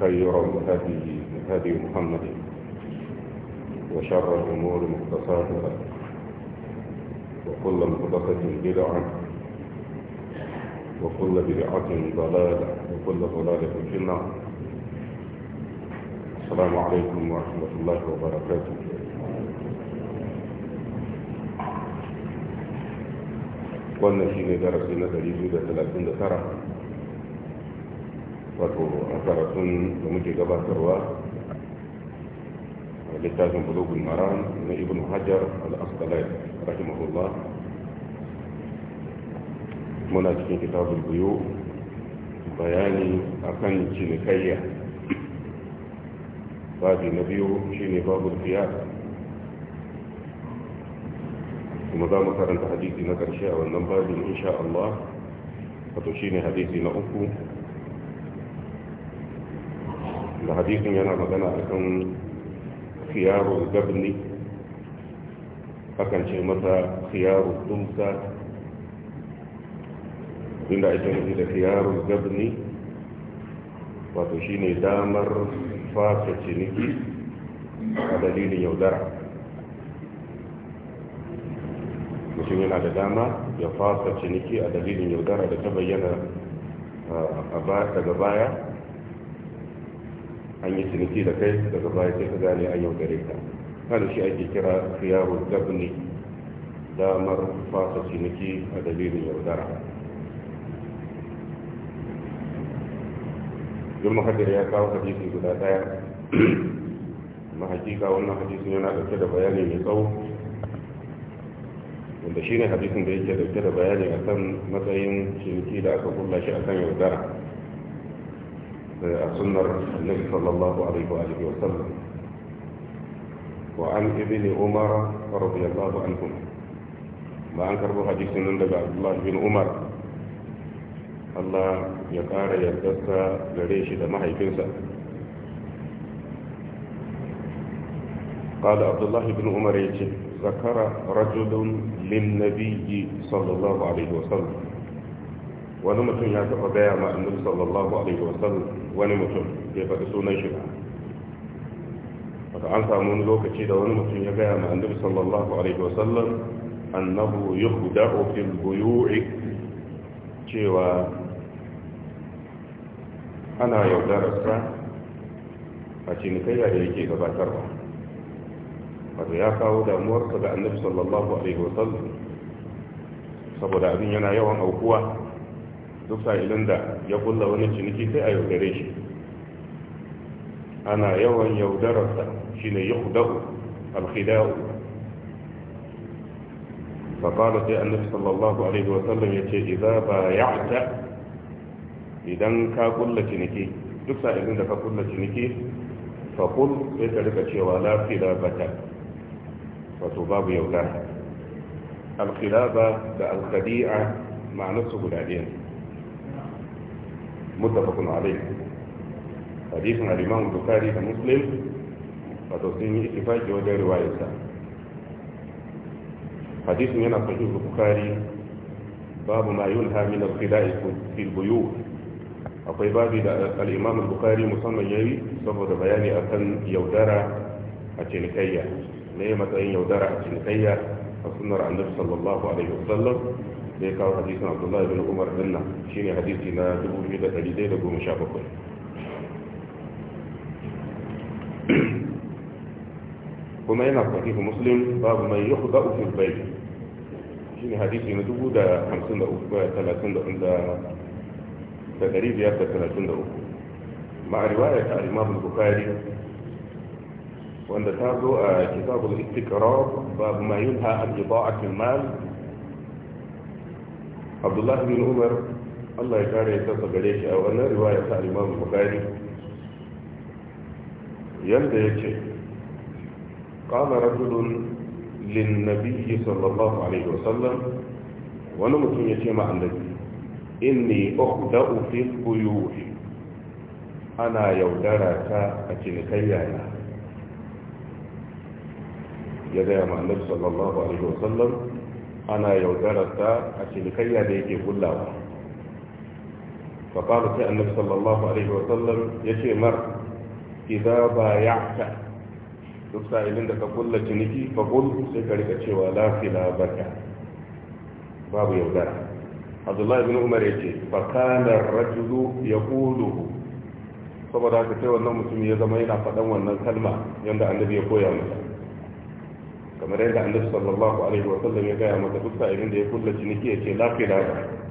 خير الهدي هدي محمد وشر الأمور مختصاتها وكل مختصة بدعة وكل بدعة ضلالة وكل ضلالة في النار السلام عليكم ورحمة الله وبركاته wannan في ne darasi na wato a karatun da muke gabatarwa a littafin bulogun maran na ibn hajar al-asqalai rahimahullah muna cikin kitabul biyu bayani akan cinikayya babi na biyu shine babul fiya kuma za mu karanta hadisi na karshe a wannan babin insha Allah wato shine hadisi na uku da hadisin yana magana akan siyaru gabni akan ce masa khiyarul dumsa inda ake nufi da siyaru gabni wato shi ne damar fasa ciniki a dalilin yaudara mutum yana da dama ya fasa ciniki a dalilin yaudara da ta bayyana ah, a daga baya an yi ciniki da kai daga baya sai ka gane an yau gare ka kada shi ake kira khiyaru dabni damar fasa ciniki a dalilin yaudara duk hadir ya kawo hadisi guda daya amma hakika wannan hadisin yana dauke da bayani mai tsawo wanda shine hadisin da yake dauke da bayani akan matsayin ciniki da aka kulla shi akan yaudara سنة النبي صلى الله عليه وآله وسلم وعن ابن عمر رضي الله عنهما ما أنكر حديث من عبد الله بن عمر الله يقار يردسا لريش دمحي كنسا قال عبد الله بن عمر يجي ذكر رجل للنبي صلى الله عليه وسلم ولم يكن يتبع مع النبي صلى الله عليه وسلم wani mutum ya faɗi sunan shi ba wata an samu lokaci da wani mutum ya gaya ma annabi sallallahu alaihi wasallam annahu yuhda'u fil buyu'i cewa ana yaudararsa a cinikayya da yake gabatarwa Wata ya kawo damuwarsa ga annabi sallallahu alaihi wasallam saboda abin yana yawan aukuwa duk sa'ilin da ya kulla wani ciniki sai a yaudare shi ana yawan yaudararsa shine yuhdahu alkhida'u فقال سي النبي صلى ya ce, Iza ba ya بايعت idan ka kulla ciniki duk sa'ilin da ka kulla ciniki faƙul sai ka rika cewa lafila ta, wato babu yaudara alkhilaba da alkhadi'a ma'anarsu guda ɗaya متفق عليه حديث عن الإمام البخاري مسلم فتوصيني اتفاق وجه رواية حديث من صحيح البخاري باب ما ينهى من الخداع في البيوت أقول باب الإمام البخاري مصمم يوي صفد بيان أكن يودارا أتنكيا نعمة أن يودارا أتنكيا فسنر عن النبي صلى الله عليه وسلم da ya kawo hadisin abdullahi bin umar dinnan shine hadisi na 2117 kuma yana sahihu muslim babu mai yukhda fi bayt shine hadisi na 1053 da 533 ma riwaya ta imam bukhari wanda ta zo a kitabul istiqrar babu ma yunha an ida'at al-mal عبد الله بن عمر الله يكاري يتصل عليك أو أنا رواية الإمام البخاري يبدأ يكي قام رجل للنبي صلى الله عليه وسلم ونمت يكي مع النبي إني أخدأ في القيوح أنا يودرك أتنكيانا يدعى مع النبي صلى الله عليه وسلم ana yaudararsa a cinikayya da yake kullawa faƙalu sai annabi sallallahu alaihi wa sallam ya ce mar idza baya'ta duk sa'ilin da ka kulla ciniki fa qul sai ka rika cewa la fila baka babu yaudara Abdullahi bin Umar ya ce fa kana rajulu yaquluhu saboda haka sai wannan mutum ya zama yana faɗan wannan kalma yanda annabi ya koya masa kamar yadda an lissa sallallahu alaihi wa sallam ya gaya mata duk sa'ilin da ya kulla ciniki ya ce lafiya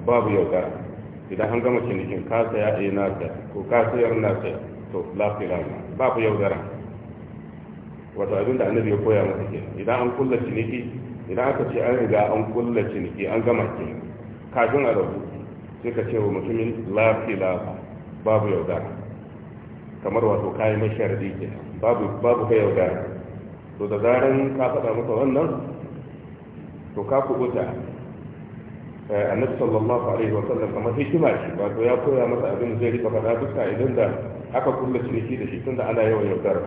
babu yaudara idan an gama cinikin ka saya a eh, na saya ko ka sayar na saya to lafiya babu yaudara wato abinda annabi ya koya mata ke idan an kulla ciniki idan aka ce an riga an kulla ciniki an gama ke kafin a rabu sai ka ce wa mutumin lafiya babu yaudara kamar wato kayan mai sharadi ke babu babu kai yaudara to da zaran ka faɗa maka wannan to ka kubuta eh, annabi sallallahu alaihi wa sallam kamar hikima shi wato ya koya masa abin da zai rika faɗa duka idan da aka kulla ciniki da shi tunda ana yawan yaudara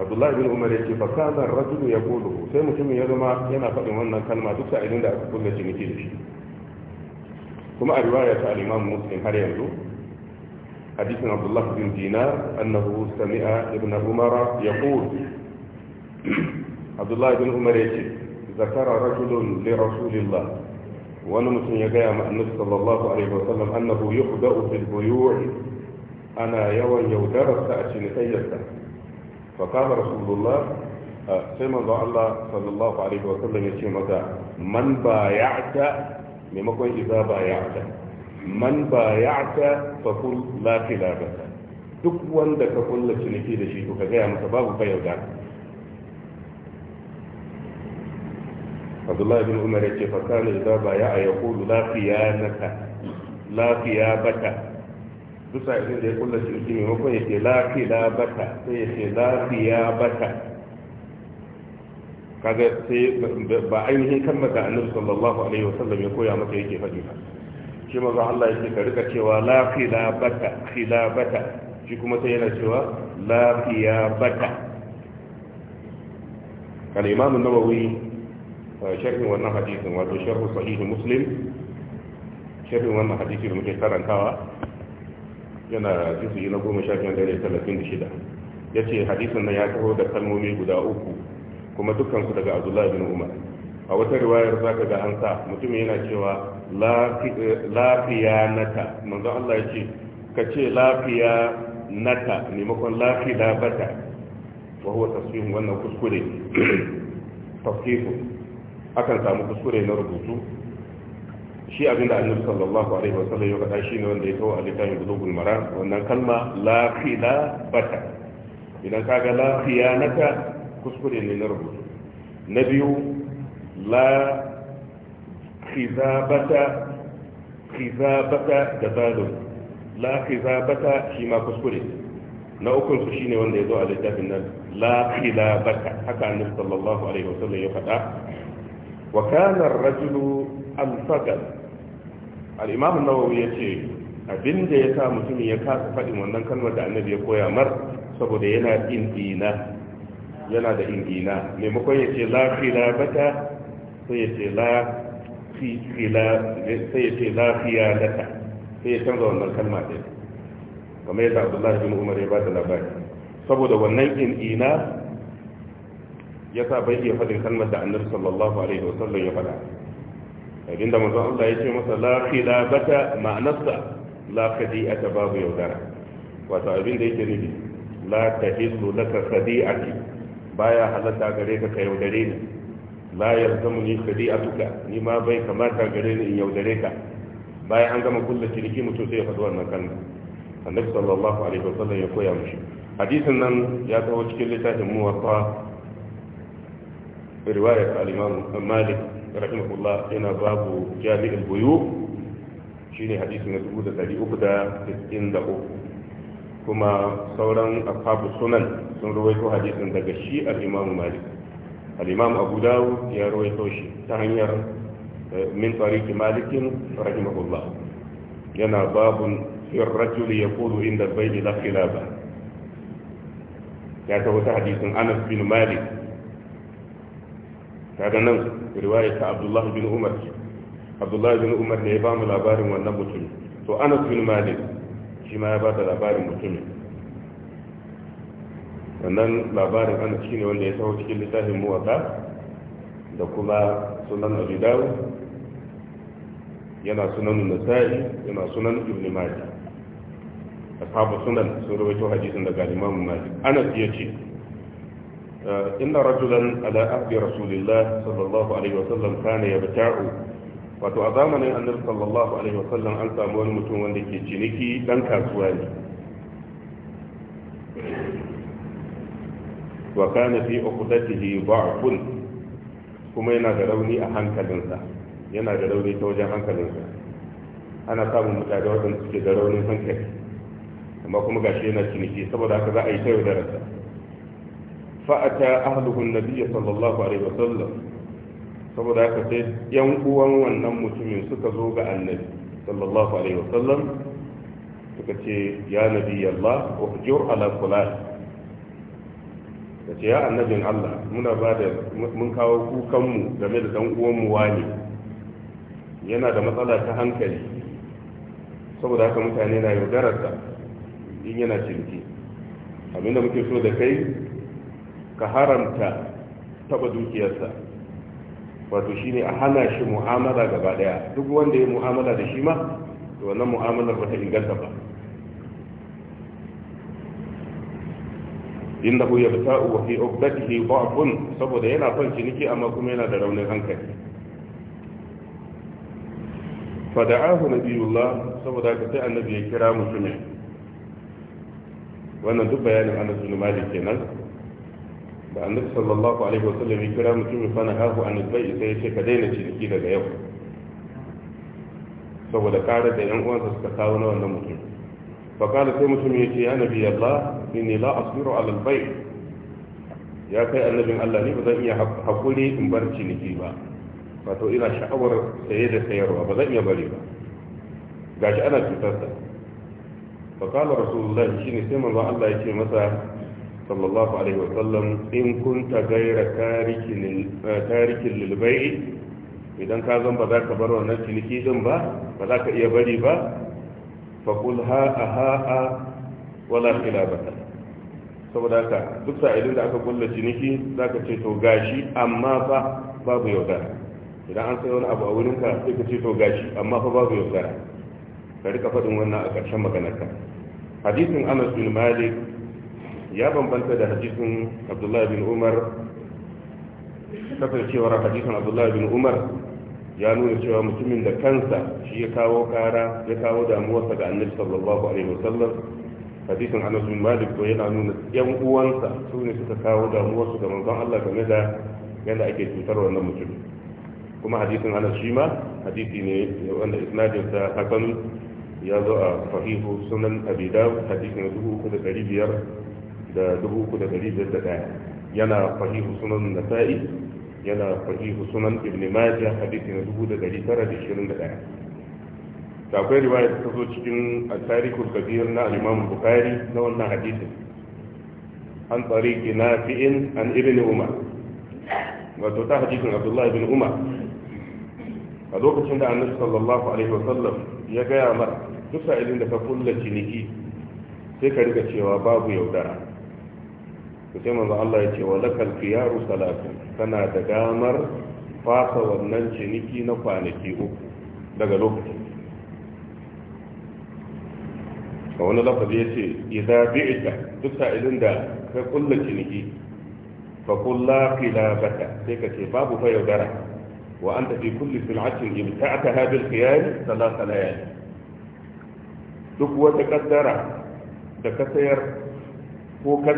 abdullahi bin umar yake fa kana rajulu yaqulu sai mutumin ya zama yana faɗin wannan kalma duk duka idan da aka kulla ciniki da shi kuma a riwaya ta al-imam muslim har yanzu hadisin abdullahi bin dinar annahu sami'a ibn umar yaqulu abdullahi bin umar ya ce zakara rajulun li rasulillah wani mutum ya gaya ma annabi sallallahu alaihi wasallam annahu yuqda'u fil buyu' ana yawan yaudararsa a cinikayyarsa fa kama rasulullah sai manzo Allah sallallahu alaihi wa sallam ya ce maka man ba baya'ta maimakon idza baya'ta man ba baya'ta fa kul la khilafata duk wanda ka kulla ciniki da shi to ka gaya masa babu fa yauda abdullahi bin umar ya ce fasana idan ba ya a ya kulu lafiya naka lafiya bata duk sa'ilin da ya kulla shi shi maimakon ya ce lafiya bata sai ya ce lafiya bata kaga sai ba ainihin kalmar da annabi sallallahu alaihi wa sallam ya koya maka yake faɗi ba shi maza Allah ya ce ka rika cewa la khilabata khilabata shi kuma sai yana cewa lafiya bata. kal imam nawawi sharhin wannan hadisin wato sharhu sahihi muslim sharhin wannan hadisi da muke karantawa yana jisi na goma sha biyar da talatin da shida ya ce hadisin nan ya taho da kalmomi guda uku kuma dukansu daga abdullahi bin umar a wata riwayar za ka ga an sa mutum yana cewa lafiya nata manzon Allah ya ce ka ce lafiya nata maimakon lafiya bata wa huwa tasfihu wannan kuskure tasfihu akan samu kuskure na rubutu shi abin da annabi sallallahu alaihi wa sallam ya faɗa shi ne wanda ya kawo a littafin bulugul wannan kalma la khila bata idan kaga la khiyanata kuskure ne na rubutu na biyu la khizabata khizabata da balon la khizabata shi ma kuskure na ukun su shine wanda ya zo a littafin nan la khilabata haka annabi sallallahu alaihi wa sallam ya faɗa wa kana rajulu al-fadal al-imam an-nawawi yace abinda ya sa mutum ya kasa fadin wannan kalmar da annabi ya koya mar saboda yana indina yana da indina maimakon ya ce la bata sai ya ce la sai ya ce la fiyalata sai ya canza wannan kalma ɗin kamar yadda abdullahi bin umar ya ba da labari saboda wannan indina ya sa bai iya faɗin kalmar da annabi sallallahu alaihi wa sallam ya faɗa abinda manzon Allah ya ce masa la khilabata ma'anarsa la khadi'ata babu yaudara wato abinda yake nufi la tahillu laka khadi'ati baya halatta gare ka ka yaudare ni la yalzamu ni khadi'atuka ni ma bai kamata gare ni in yaudare ka bayan an gama kulla ciniki mutum sai ya faɗi wannan kalma annabi sallallahu alaihi wa sallam ya koya mushi hadisin nan ya kawo cikin littafin muwatta riwayar al-imam malik rahimahullah yana babu jami'ul buyu shine hadisi na 363 kuma sauran ashabu sunan sun rawaito hadisin daga shi al malik al abu dawud ya rawaito shi ta hanyar eh, min tariqi malik rahimahullah yana babun fi ar-rajul yaqulu inda al-bayt la khilafa ya ta hadisin bin malik kaga nan riwayar ta abdullah bin umar ce abdullah bin umar ne ya ba mu labarin wannan mutum to anas bin malik shi ma ya ba da labarin mutumin wannan labarin ana anas ne wanda ya taho cikin littafin muwaka da kuma sunan abu dawo yana sunan nasa'i yana sunan ibn majah ashabu sunan sun rawaito hadisin daga imamu malik anas ya ce inna rajulan رسول الله rasulillah sallallahu alaihi وسلم كان yabta'u wato a zamanin annabi sallallahu alaihi wa sallam an samu wani mutum wanda ke ciniki dan kasuwa ne wa kana fi uqdatihi ba'fun kuma yana da rauni a hankalinsa yana da rauni ta wajen hankalinsa ana samun mutane wanda suke da raunin hankali amma kuma gashi yana ciniki saboda haka za a yi ta rasa fa'ata ahluhu Nabiya sallallahu alaihi wasallam saboda haka sai yan uwan wannan mutumin suka zo ga annabi sallallahu alaihi wasallam suka ce ya nabi Allah uhjur ala fulan ce ya annabin Allah muna ba da mun kawo kukanmu game da dan uwanmu wani yana da matsala ta hankali saboda haka mutane na yaudararsa in yana cinki abinda muke so da kai ka haramta taba dukiyarsa wato shi ne a hana shi mu'amala gaba daya duk wanda ya mu'amala da shi ma to wannan mu'amalar ba ta inganta ba Inda innahu yabta'u wa fi ubdatihi da'fun saboda yana son ciniki amma kuma yana da raunin hankali fada'ahu nabiyullah saboda ka sai annabi ya kira mutumin wannan duk bayanin annabi Malik kenan da annabi sallallahu alaihi wa sallam ya kira mutum fa na hahu an bai sai ya ce ka daina ciniki daga yau saboda kare da yan uwansa suka kawo na wannan mutum fa kala sai mutum ya ce ya nabi Allah inni la asbiru ala al ya kai annabin Allah ni ba zan iya hakuri in bar ciniki ba wato ina sha'awar saye da sayarwa ba zan iya bari ba gashi ana cutar da fa kala rasulullahi shine sai manzon Allah ya ce masa sallallahu alaihi wasallam in kunta gaira tarikin eh, lilbai idan ka zan ba za ka bar wannan ciniki din ba ba za ka iya bari ba faƙul ha'a ha'a wala khilafata saboda haka duk sa'ilin da aka kulla ciniki za ka ce to gashi amma fa babu yaudara idan an sai wani abu a wurinka sai ka ce to gashi amma fa babu yaudara ka rika faɗin wannan a ƙarshen maganarka hadisin anas bin malik ya bambanta da hadisin abdullahi bin umar kasancewar hadisin abdullahi bin umar ya nuna cewa mutumin da kansa shi ya kawo kara ya kawo damuwarsa ga annabi sallallahu alaihi wasallam hadisin anas bin malik ko yana nuna yan uwansa su ne suka kawo damuwarsu ga manzon Allah game da yadda ake cutar wannan mutum kuma hadisin anas shi ma hadisi ne wanda isnadin sa hasan ya zo a sahihu sunan abi dawud hadisin 3500 da dubu uku da dari biyar da daya, yana fahimu sunan nasa'i yana fahimu sunan ibn majah hadisi na dubu da dari tara da shirin da daya. da akwai riwaya da ta zo cikin tarihul kabir na imam bukari na wannan hadisin an tsari gina fi'in an ibn umar wato ta hadisin abdullah ibn umar a lokacin da annabi sallallahu alaihi wasallam ya gaya mara duk sa'ilin da ka kulla ciniki sai ka riga cewa babu yaudara ku sai manzo Allah ya ce wa lakal khiyaru salatin kana da damar fasa wannan ciniki na kwanaki uku daga lokacin a wani lafazi ya ce idza bi'ta duk sa'ilin da ka kulla ciniki fa kulla qilabata sai ka ce babu fa yaudara wa anta fi kulli sil'atin ibta'taha bil khiyar salasa layali duk wata kaddara da ka sayar ko ka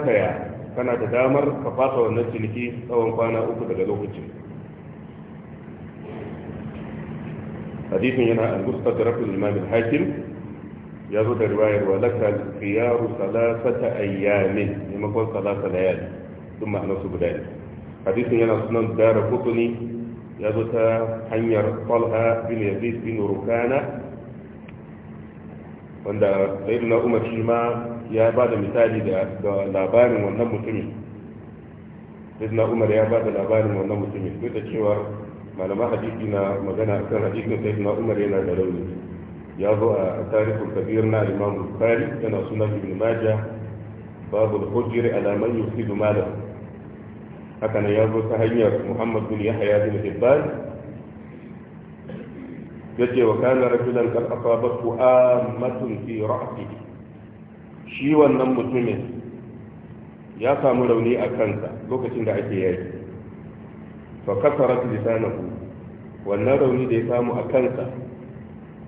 kana da damar ka fasa wannan ciniki tsawon kwana uku daga lokacin hadisin yana al-mustadrak al-imam al-hakim ya zo da riwayar wa laka khiyaru salasata ayyamin maimakon salasa layali sun ma'ana su guda ne hadisin yana sunan dara kutuni ya zo ta hanyar talha bin yazid bin rukana wanda na umar shi ma ya ba da misali da labarin wannan mutumin na umar ya ba da labarin wannan mutumin duk da cewa malaman hadisi na magana kan hadisin na umar yana da rauni ya zo a tarihin kabir na imam bukari yana sunan ibn maja babu al-hujri ala man yusidu haka ne ya zo ta hanyar muhammad bin yahya bin hibban yace wa kana rajulan kad asabatu amatun fi ra'si shi wannan mutumin ya samu rauni a kansa lokacin da ake yayi fa kasarat lisanahu wannan rauni da ya samu a kansa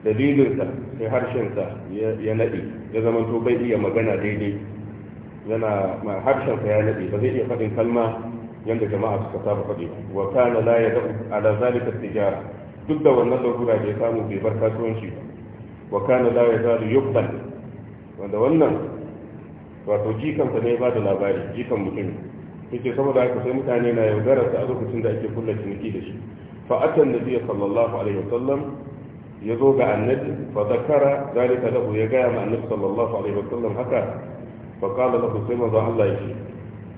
dalilinsa sai harshen sa ya naɗe ya zama to bai iya magana daidai yana ma sa ya naɗe ba zai iya faɗin kalma yadda jama'a suka saba faɗi wa kana la ya ala zalika tijara duk da wannan larura da ya samu bai bar kasuwanci ba wa kana la ya zalu yuqbal wanda wannan wato jikansa ne ba da labari jikan mutum yace saboda haka sai mutane na yaudararsa a lokacin da ake kulla ciniki da shi fa atan nabiyyi sallallahu alaihi wasallam yazo ga annabi fa zakara zalika lahu ya ga ma annabi sallallahu alaihi wasallam haka fa qala lahu sai manzo Allah ya yace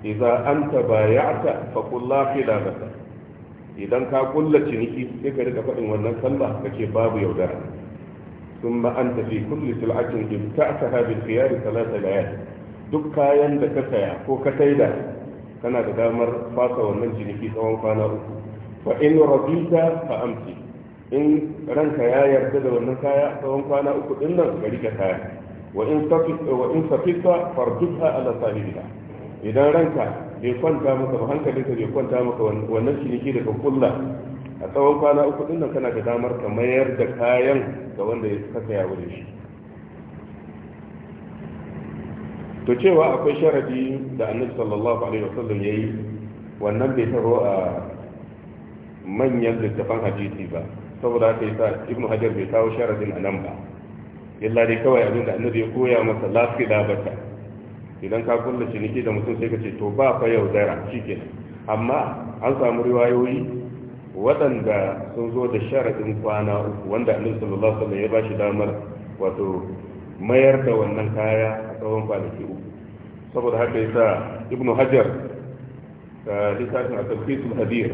idza anta bay'ata fa qul la khilafata idan ka kulla ciniki sai ka rika faɗin wannan sallah Ka kake babu yaudara sun ma an tafi kulli sil'atin in ta ta bil talata da layali duk kayan da ka saya ko ka saida kana da damar fasa wannan ciniki tsawon kwana uku fa in radita fa amsi in ranka ya yarda da wannan kaya tsawon kwana uku din nan ka rike kaya wa in safita farduha ala sahibiha idan ranka bai kwanta maka ba hankali ka bai kwanta maka wannan ciniki daga kulla a tsawon kwana uku din nan kana da damar ka mayar da kayan ga wanda ya saka ya wuri shi to cewa akwai sharadi da annabi sallallahu alaihi wasallam yayi wannan bai taro a manyan littafan hadisi ba saboda haka yasa ibnu hajar bai kawo sharadin a nan ba illa dai kawai abinda annabi ya koya masa lafi labata idan ka kulla ciniki da mutum sai ka ce to ba fa yaudara shike amma an samu riwayoyi waɗanda sun zo da sharaɗin kwana uku wanda annabi sallallahu alaihi wasallam ya bashi damar wato mayar da wannan kaya a tsawon kwanaki uku saboda haka yasa ibnu hajar eh, littafin a tafkisul hadir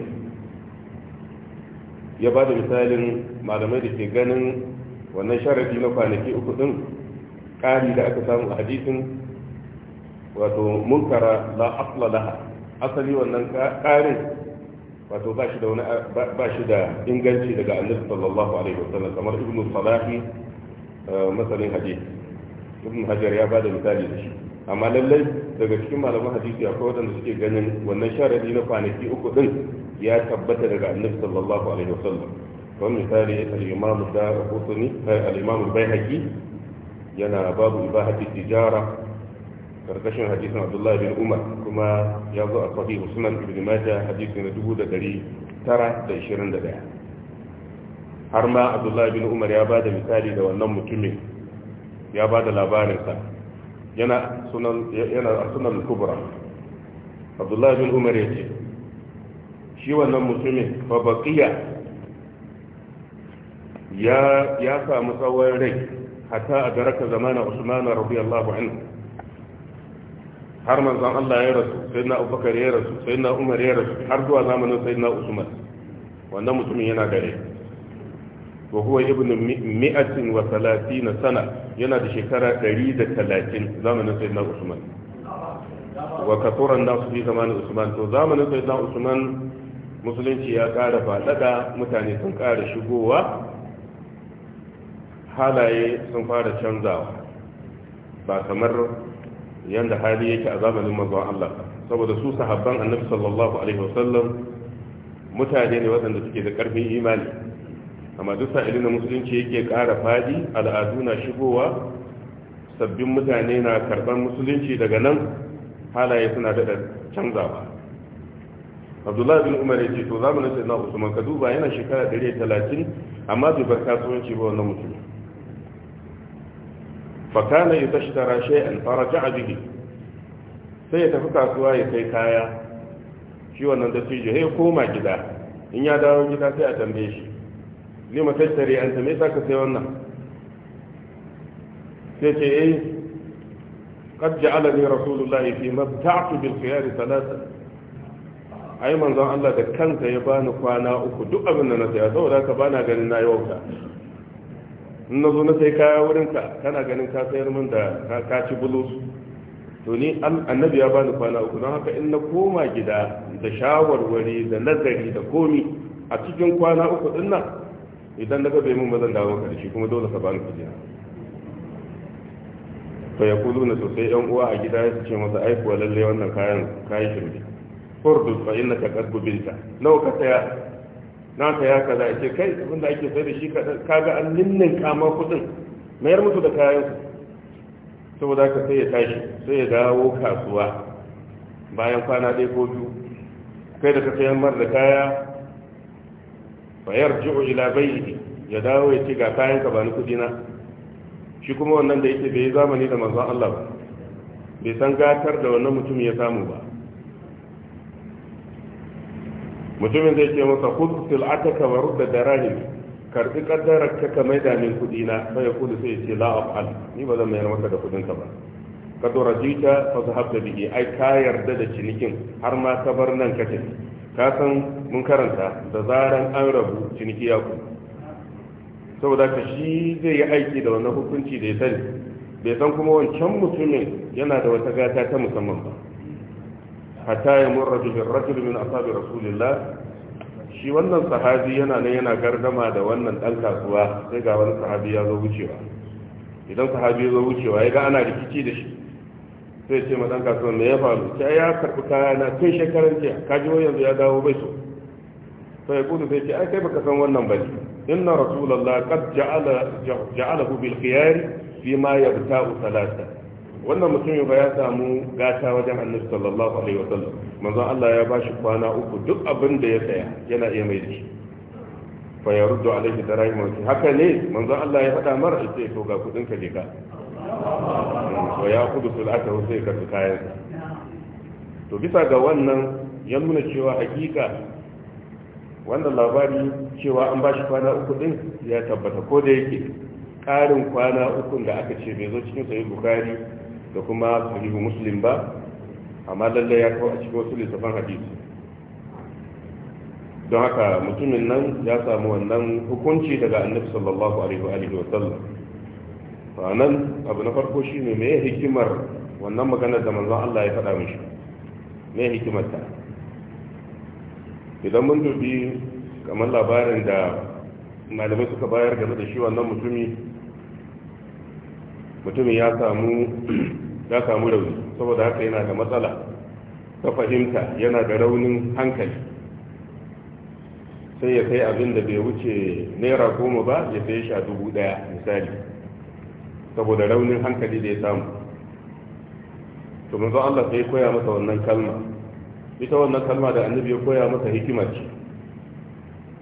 ya ba da misalin malamai da ke ganin wannan sharaɗi na kwanaki uku ɗin ƙari da aka samu hadisin wato munkara la asla laha asali wannan karin wato ba shi da wani ba shi da inganci daga annabi sallallahu alaihi wasallam kamar ibnu salahi eh, masanin hadisi ibnu hajar ya bada misali da shi amma lallai daga cikin malaman hadisi akwai waɗanda suke ganin wannan sharadi na kwanaki uku din ya tabbata daga annabi sallallahu alaihi wasallam kamar misali al-imam da eh, al-imam al-baihaqi yana babu ibahati tijara karkashin hadisin abdullahi bin umar kuma ya zo a sahihu sunan ibn majah hadisi na 921 har ma abdullahi bin umar ya ba da misali da wannan mutumin ya ba da labarinsa yana a sunan kubra abdullahi bin umar ya ce shi wannan mutumin fa baqiya ya samu tsawon rai hatta a daraka zamanin usman radiyallahu anhu har manzon Allah ya rasu sai na Abubakar ya rasu sai na Umar ya rasu har zuwa zamanin sai na Usman wannan mutumin yana gare wa huwa ibn mi'atin wa talatin sana yana da shekara 130 zamanin sai na Usman wa kathura su fi zamanin Usman to zamanin sai na Usman musulunci ya kara fadada mutane sun kara shigowa halaye sun fara canzawa ba kamar yanda hali yake a zamanin manzon Allah saboda su sahabban annabi sallallahu alaihi wasallam mutane ne waɗanda suke da ƙarfin imani amma duk sa'ilin da musulunci yake ƙara fadi al'adu na shigowa sabbin mutane na karɓar musulunci daga nan halaye suna daɗa canzawa abdullahi bin umar ya ce to zamanin sai na usman ka duba yana shekara talatin amma bai bar kasuwanci ba wannan mutum fa kana yashtara shay'an a bihi sai ya tafi kasuwa ya kai kaya shi wannan dattijo sai koma gida in ya dawo gida sai a tambaye shi lima tattare an tambaye sa ka sai wannan sai ce eh قد جعلني رسول الله فيما ابتعت بالخيار ثلاثة ai manzon Allah da kanta ya bani kwana uku duk abin da na saya saboda ka bana ganin na ka. in na zo na sai kaya ka kana ganin ka sayar min da ka kaci bulus to ni annabi ya bani kwana uku don haka in na koma gida da shawarwari da nazari da komi a cikin kwana uku din nan idan na bai mun bazan dawo ka shi kuma dole ka bani kuɗi. to ya kulu na sosai yan uwa a gida ya ce masa wa lalle wannan kayan kayan shirme furdus fa innaka qad binta nawa ka saya na ta ya kaza ya ce kai abin da ake sai da shi kaga an ninnin kama kudin mayar musu da kayan su saboda ka sai ya tashi sai ya dawo kasuwa bayan kwana ɗaya ko biyu kai da ka sayan mar da kaya fayar ji'o ila yi ya dawo ya ce ga kayan ka ba ni kudi na shi kuma wannan da yake bai zamani da manzon Allah ba bai san gatar da wannan mutum ya samu ba mutumin zai ce masa kudu sil'ataka wa rudda darahim karbi kaddarar ka mai da min kudi na sai kudu sai ya ce la af'al ni ba zan mayar maka da kudin ka ba ka to rajita fa zahabta bihi ai ka yarda da cinikin har ma ka bar nan ka tafi ka san mun karanta da zaran an rabu ciniki ya ku saboda ka shi zai yi aiki da wannan hukunci da ya sani bai san kuma wancan mutumin yana da wata gata ta musamman ba hatta ya murra bihir rajul min ashabi rasulillah shi wannan sahabi yana nan yana gardama da wannan ɗan kasuwa sai ga wani sahabi ya zo wucewa idan sahabi ya zo wucewa ya ga ana rikici da shi sai ce ma ɗan kasuwa me ya faru sai ya karbi kaya na kai shekaran jiya Ka kaji yanzu ya dawo bai so sai ya kudu sai ce ai kai baka san wannan ba ne. bane إن رسول الله قد جعل جعله بالخيار فيما يبتاء ثلاثة wannan mutumin ba ya samu gata wajen annabi sallallahu alaihi wa sallam manzon Allah ya bashi kwana uku duk abin da ya saya yana iya mai shi fa ya ruddu alaihi darai wa haka ne manzon Allah ya faɗa mar sai to ga kudin ka je ka wa ya kudu sulatahu sai ka kayan to bisa ga wannan ya nuna cewa hakika wannan labari cewa an bashi kwana uku din ya tabbata ko da yake ƙarin kwana ukun da aka ce bai zo cikin sahih bukhari da kuma sahihu muslim ba amma lallai ya kawo a cikin wasu littafan hadisi don haka mutumin nan ya samu wannan hukunci daga annabi sallallahu alaihi wa sallam fa nan abu na farko shine me hikimar wannan magana da manzon Allah ya faɗa mishi me hikimar ta idan mun dubi kamar labarin da malamai suka bayar game da shi wannan mutumi mutumin ya samu ya samu rauni saboda haka yana da matsala ta fahimta yana da raunin hankali sai ya kai abin da bai wuce naira goma ba ya sai sha dubu daya misali saboda raunin hankali da ya samu to manzo Allah sai koya masa wannan kalma ita wannan kalma da annabi ya koya masa hikima ce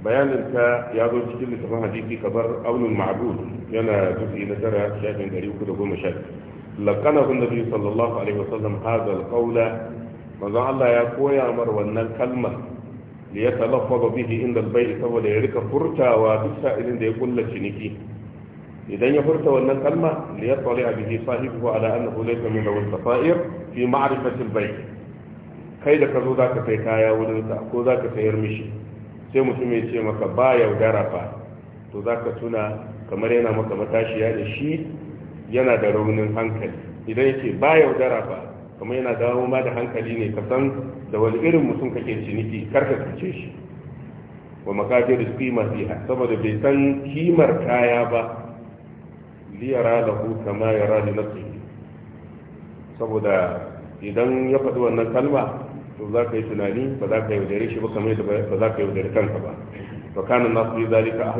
bayanin ta ya zo cikin littafin hadisi kamar aulul ma'bud yana dubi na tara shafin ɗari uku da goma sha lakana kun nabi sallallahu alaihi wasallam hadha alqawla manzon Allah ya koya mar wannan kalma li yatalaffaza bihi inda albai saboda ya rika furtawa duk sa'ilin da ya kulla ciniki idan ya furta wannan kalma li yatali bihi sahibihi ala annahu laysa min dawil tafair fi ma'rifati albai kai da ka zo za ka kai kaya wurin sa ko za ka sayar mishi sai mutum ya ce maka ba yaudara fa to zaka tuna kamar yana maka matashiya da shi yana da raunin hankali idan yake ba yaudara ba kamar yana dawo ma da hankali ne ka san da wani irin mutum kake ciniki kar kace shi wa makadir qima fiha saboda bai san kimar kaya ba liyara ku kama yara li nafsihi saboda idan ya faɗi wannan kalma to za ka yi tunani ba za ka yaudare shi ba kamar yadda ba za ka yaudare kanka ba fa kana nasu bi zalika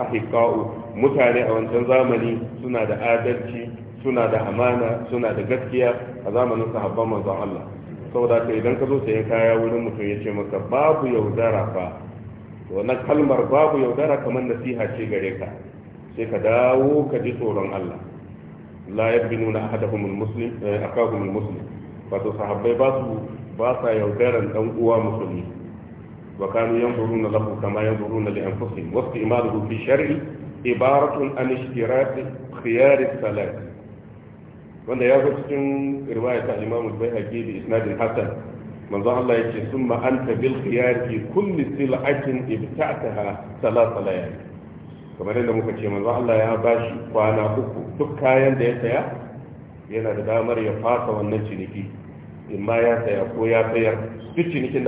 ahiqa'u mutane a wancan zamani suna da adalci suna da amana suna da gaskiya a zamanin sahabban manzon Allah saboda ka idan ka zo sayan kaya wurin mutum ya ce maka babu yaudara fa wannan kalmar babu yaudara kamar nasiha ce gare ka sai ka dawo ka ji tsoron Allah la yabinuna ahadahum almuslim eh, akahum almuslim wato sahabbai ba su ba sa yaudaran dan uwa musulmi وكانوا ينظرون له كما ينظرون لانفسهم واستعماله في الشرع عباره عن اشتراك خيار الصلاه وانا يغسل روايه الامام البيهقي باسناد الحسن من ظهر الله يجي ثم انت بالخيار في كل سلعه ابتعتها ثلاث ليالي kamar yadda muka ce manzo Allah ya ba shi kwana uku duk kayan da ya saya yana da damar ya fasa wannan ciniki in ma ya saya ko ya sayar duk cinikin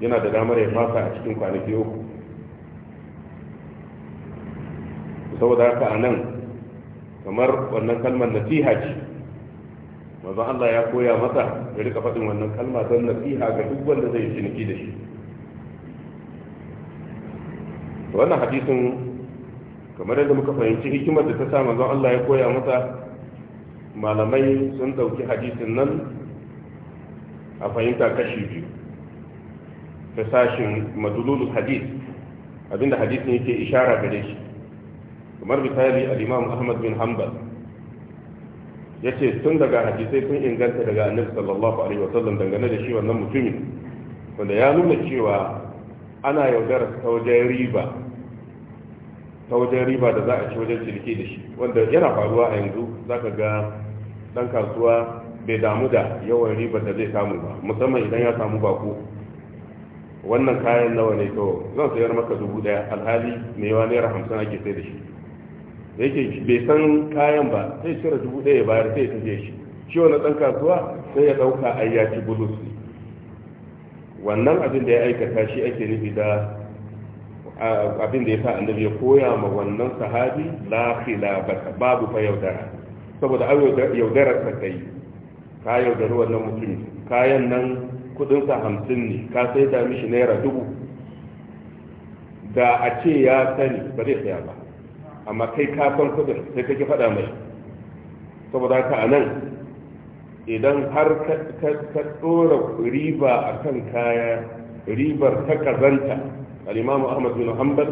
yana da damar ya fasa a cikin kwanaki uku saboda haka a nan kamar wannan kalmar nasiha ce manzon Allah ya koya masa ya rika faɗin wannan kalma don nasiha ga duk wanda zai ciniki da shi wannan hadisin kamar yadda muka fahimci hikimar da ta sa mazan Allah ya koya masa malamai sun ɗauki hadisin nan a fahimta kashi biyu da sashin madulul hadis abinda ne yake ishara gare shi kamar misali al-imam ahmad bin hanbal yace tun daga hadisai sun inganta daga annabi sallallahu alaihi wasallam dangane da shi wannan mutumin wanda ya nuna cewa ana yaudara ta wajen riba riba da za a ci wajen ciniki da shi wanda yana faruwa a yanzu zaka ga dan kasuwa bai damu da yawan riba da zai samu ba musamman idan ya samu bako wannan kayan nawa ne to zan sayar maka dubu daya alhali mai yawa naira hamsin ake sai da shi da yake bai san kayan ba sai cire dubu daya ya bayar sai ya tafiye shi shi wani ɗan kasuwa sai ya ɗauka a ya ci bulus wannan abin da ya aikata shi ake nufi da abin da ya sa annabi ya koya ma wannan sahabi la bata babu fa yaudara saboda an yaudara ta kai ka yaudaru wannan mutum kayan nan kudinsa hamsin ne ka sai da mishi naira dubu da a ce ya sani ba zai saya ba amma kai ka san kudin sai kake faɗa mai saboda ka a nan idan har ka tsora riba a kan kaya ribar ta kazanta al'imamu ahmad bin hanbal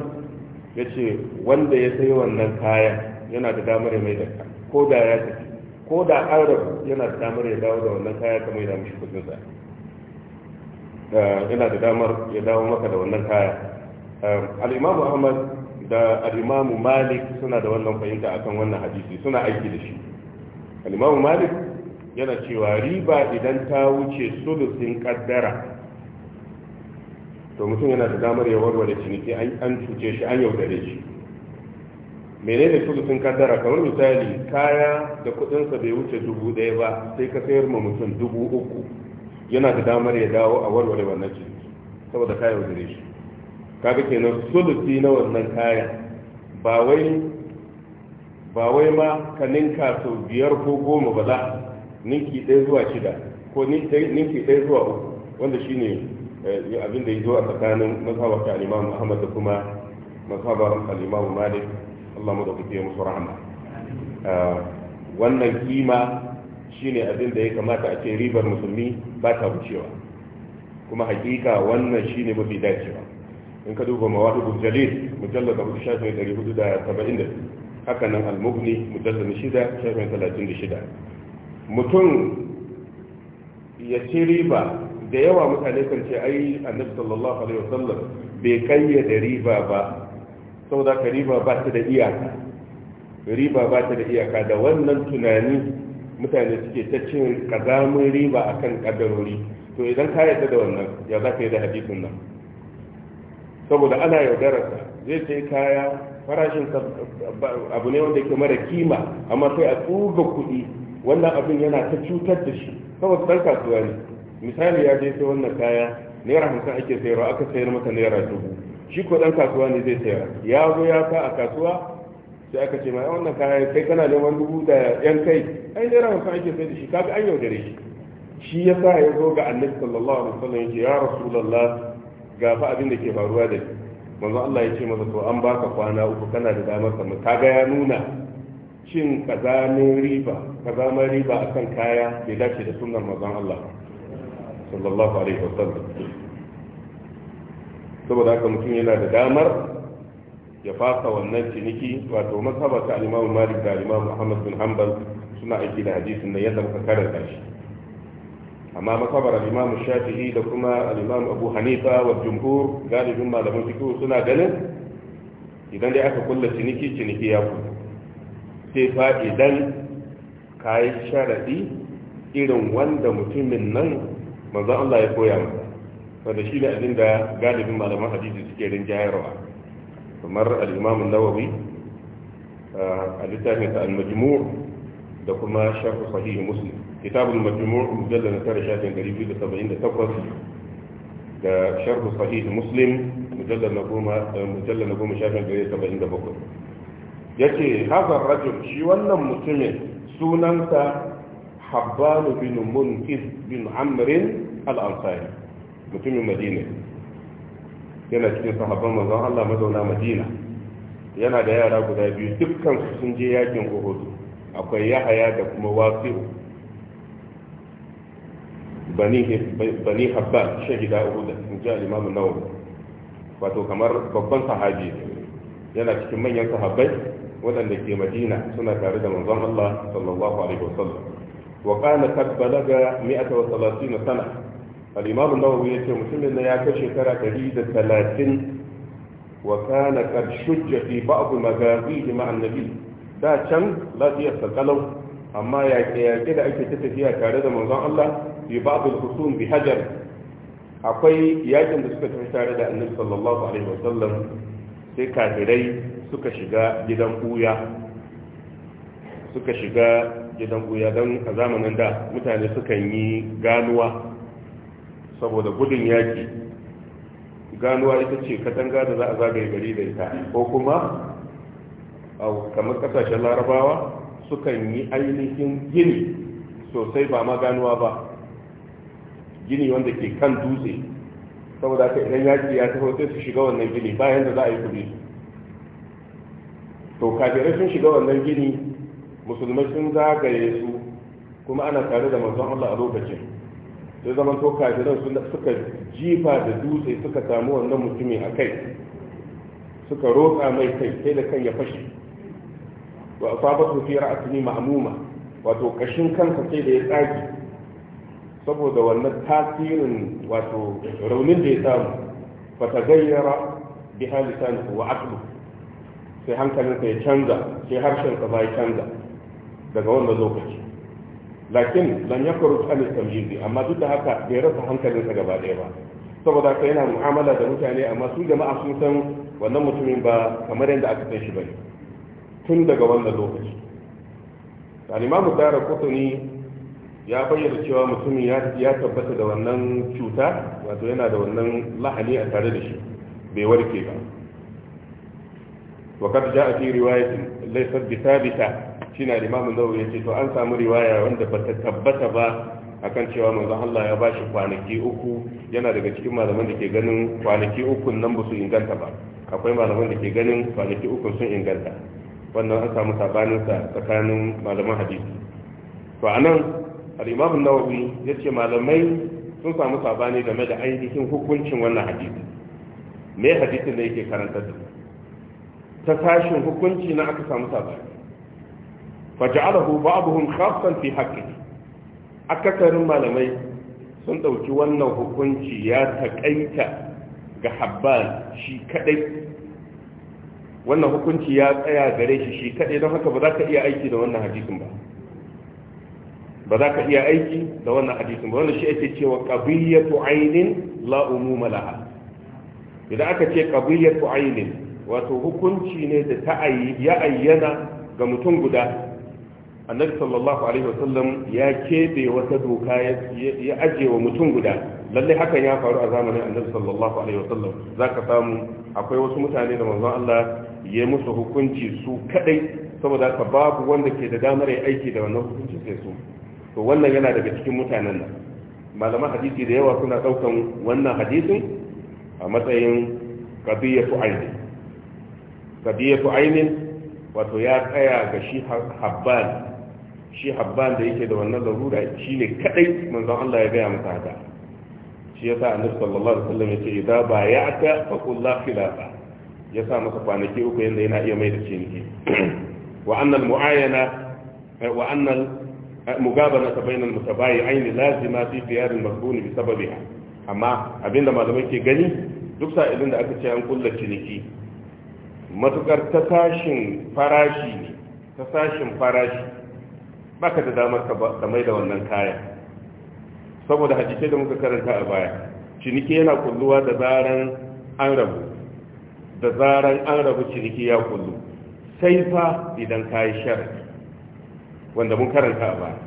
ya ce wanda ya sayi wannan kaya yana da damar ya mai da ko da ya tafi ko da yana da damar ya dawo da wannan kaya ka mai da mishi kudin sa Eh, yana da damar ya dawo maka da wannan kaya eh, al'imamu ahmad da al'imamu malik suna da wannan fahimta akan wannan hadisi suna aiki da shi al'imamu malik yana cewa riba idan ta wuce sulusin kaddara to mutum yana da damar ya warware ciniki an cuce shi an yaudare shi menene sulusin kaddara kamar misali kaya da kudinsa bai wuce dubu daya ba sai ka sayar ma mutum dubu uku yana da damar ya dawo a warware wannan cin saboda ka wajen shi kaga kenan sulusi na wannan kayan ba wai ba wai ma ka ninka sau biyar ko goma ba za ninki ɗaya zuwa shida ko ninki ɗaya zuwa uku wanda shi ne eh, abin da ya zo a tsakanin mazhabar ta imam muhammad da kuma mazhabar al Malik Allah mu da kuke musu rahama ah, wannan kima shine abin da ya kamata a ce ribar musulmi ba ta wucewa kuma hakika wannan shine mafi dacewa in ka duba mawahibul jalil mujallad da hudu shafin ɗari hudu da saba'in da haka nan almugni da shida shafin talatin da shida mutum ya ci riba da yawa mutane kan ce ai annabi sallallahu alaihi wasallam bai kayyade riba ba saboda ka riba ba ta da iyaka riba ba ta da iyaka da wannan tunani mutane suke ta cin kazamin riba a kan kaddarori to idan ka yarda da wannan ya za ka yi da hadisin nan saboda ana yaudararsa zai sai kaya farashin abu ne wanda ke mara kima amma sai a tsuga kuɗi wannan abin yana ta cutar da shi saboda ɗan kasuwa ne misali ya je sai wannan kaya naira hamsin ake sayarwa aka sayar masa naira dubu shi ko ɗan kasuwa ne zai sayar ya zo ya sa a kasuwa sai aka ce ma wannan kayan kai kana neman dubu da yan kai ai dai naira wasu ake sai da shi kaga an yaudare shi shi ya sa ya zo ga annabi sallallahu alaihi wasallam ya ce ya rasulullah ga fa abin da ke faruwa da shi manzo Allah ya ce masa to an baka kwana uku kana da damar ka kaga ya nuna cin kazamin riba kazamin riba akan kaya bai dace da sunnar manzon Allah sallallahu alaihi wasallam saboda haka mutum yana da damar ya fasa wannan ciniki wato masaba ta alimamu malik da alimamu muhammad bin hanbal suna aiki da hadisin da yadda muka karanta shi amma makabar alimamu shafi'i da kuma alimamu abu hanifa wa jumhur galibin malaman fiqh suna ganin idan dai aka kulla ciniki ciniki ya ku sai fa idan yi sharadi irin wanda mutumin nan manzo Allah ya koya masa wanda shi ne abin da galibin malaman hadisi suke rinjayarwa kamar al'imamun nawawi a littafin ta al-majmu da kuma sharh sahih muslim kitabul majmu mujallal na tare shafin 278 da sharh sahih muslim mujallal na goma eh, mujallal na goma shafin 277 yace hazar rajul shi wannan mutumin sunansa habban bin munqidh bin amr al-ansari mutumin madina yana cikin sahabban manzon Allah mazauna Madina yana da yara guda biyu dukkan su sun je yakin Uhud akwai Yahaya da kuma Wasi'u bani bani Habban shahida Uhud sun ji Imam Nawawi wato kamar babban sahabi yana cikin manyan sahabbai waɗanda ke Madina suna tare da manzon Allah sallallahu alaihi wasallam wa kana kad balaga 130 sana al-imam an-nawawi yace mutumin da ya kai shekara 130 wa kana qad shujja fi ba'd magazihi ma annabi da can lafiyar sa kalau amma ya ke da ake ta tafiya tare da manzon Allah fi ba'd al-husum bi hajar akwai yakin da suka tafi tare da annabi sallallahu alaihi wa sallam sai kafirai suka shiga gidan buya suka shiga gidan buya don a zamanin da mutane sukan yi ganuwa saboda gudun yaki ganuwa ita ce katanga da za a zagaye gari da ita ko kuma kamar kasashen larabawa sukan yi ainihin gini sosai ba ma ganuwa ba gini wanda ke kan dutse saboda haka idan yaki ya taho sai su shiga wannan gini bayan da za a yi kuɗi to kafirai sun shiga wannan gini musulmai sun zagaye su kuma ana tare da mazan Allah a lokacin sai zama to kafiran suka jifa da dutse suka samu wannan mutumin a kai suka roƙa mai kai sai da kan ya fashe wa asabatu fi ra'sihi ma'muma wato kashin kansa sai da ya tsaki saboda wannan tasirin wato raunin da ya samu fa tagayyara bi halisanihi wa aqlu sai hankalinsa ya canza sai harshen sa ba ya canza daga wannan lokaci lakin lan ya karu an tamyizi amma duk da haka bai rasa hankalinsa gaba ɗaya ba saboda haka yana mu'amala da mutane amma su jama'a sun san wannan mutumin ba kamar yadda aka san shi ne tun daga wannan lokaci al mu dara kotuni ya bayyana cewa mutumin ya tabbata da wannan cuta wato yana da wannan lahani a tare da shi bai warke ba ja'a fi riwayatin laysa bi thabita shine al-Imam Nawawi yace to an samu riwaya wanda bata tabbata ba akan cewa manzo Allah ya bashi kwanaki uku yana daga cikin malaman da ke ganin kwanaki uku nan ba su inganta ba akwai malaman da ke ganin kwanaki uku sun inganta wannan an samu sabanin sa tsakanin malaman hadisi to anan al-Imam Nawawi yace malamai sun samu sabani game da ainihin hukuncin wannan hadisi me hadisin da yake karanta ta tashin hukunci na aka samu sabani faja'alahu ba'dhum khassan fi haqqihi akasarin malamai sun ɗauki wannan hukunci ya takaita ga habban shi kadai wannan hukunci ya tsaya gare shi shi don haka ba za ka iya aiki da wannan hadisin ba ba za ka iya aiki da wannan hadisin ba wannan shi ake cewa qadiyatu ainin la umuma laha idan aka ce qadiyatu ainin wato hukunci ne da ya ayyana ga mutum guda annabi sallallahu alaihi wasallam ya kebe wata doka ya aje wa mutum guda lalle hakan ya faru a zamanin annabi sallallahu alaihi wasallam zaka samu akwai wasu mutane da manzon Allah ya musu hukunci su kadai saboda ka babu wanda ke da damar aiki da wannan hukunci sai su to wannan yana daga cikin mutanen nan malaman hadisi da yawa suna daukan wannan hadisin a matsayin qadiyatu aini qadiyatu ainin wato ya tsaya ga shi habban shi habban da yake da wannan larura shi ne kadai manzon Allah ya gaya masa haka shi ya yasa annabi sallallahu alaihi wasallam yace idza bay'aka faqul la khilafa sa masa kwanaki uku yanda yana iya mai da ciniki wa annal mu'ayana eh, wa annal eh, mugabana bayna al mutabayi'ain lazima fi khiyar al maqbul bi sababiha amma abinda malamai ke gani duk sa'ilin da aka ce an kulla ciniki matukar ta tashin farashi ne ta sashin farashi baka da damar ka mai da wannan kaya saboda hadisai da muka karanta a baya ciniki yana kulluwa da zaran an rabu da zaran an rabu ciniki ya kullu sai fa idan ka yi sharadi wanda mun karanta a baya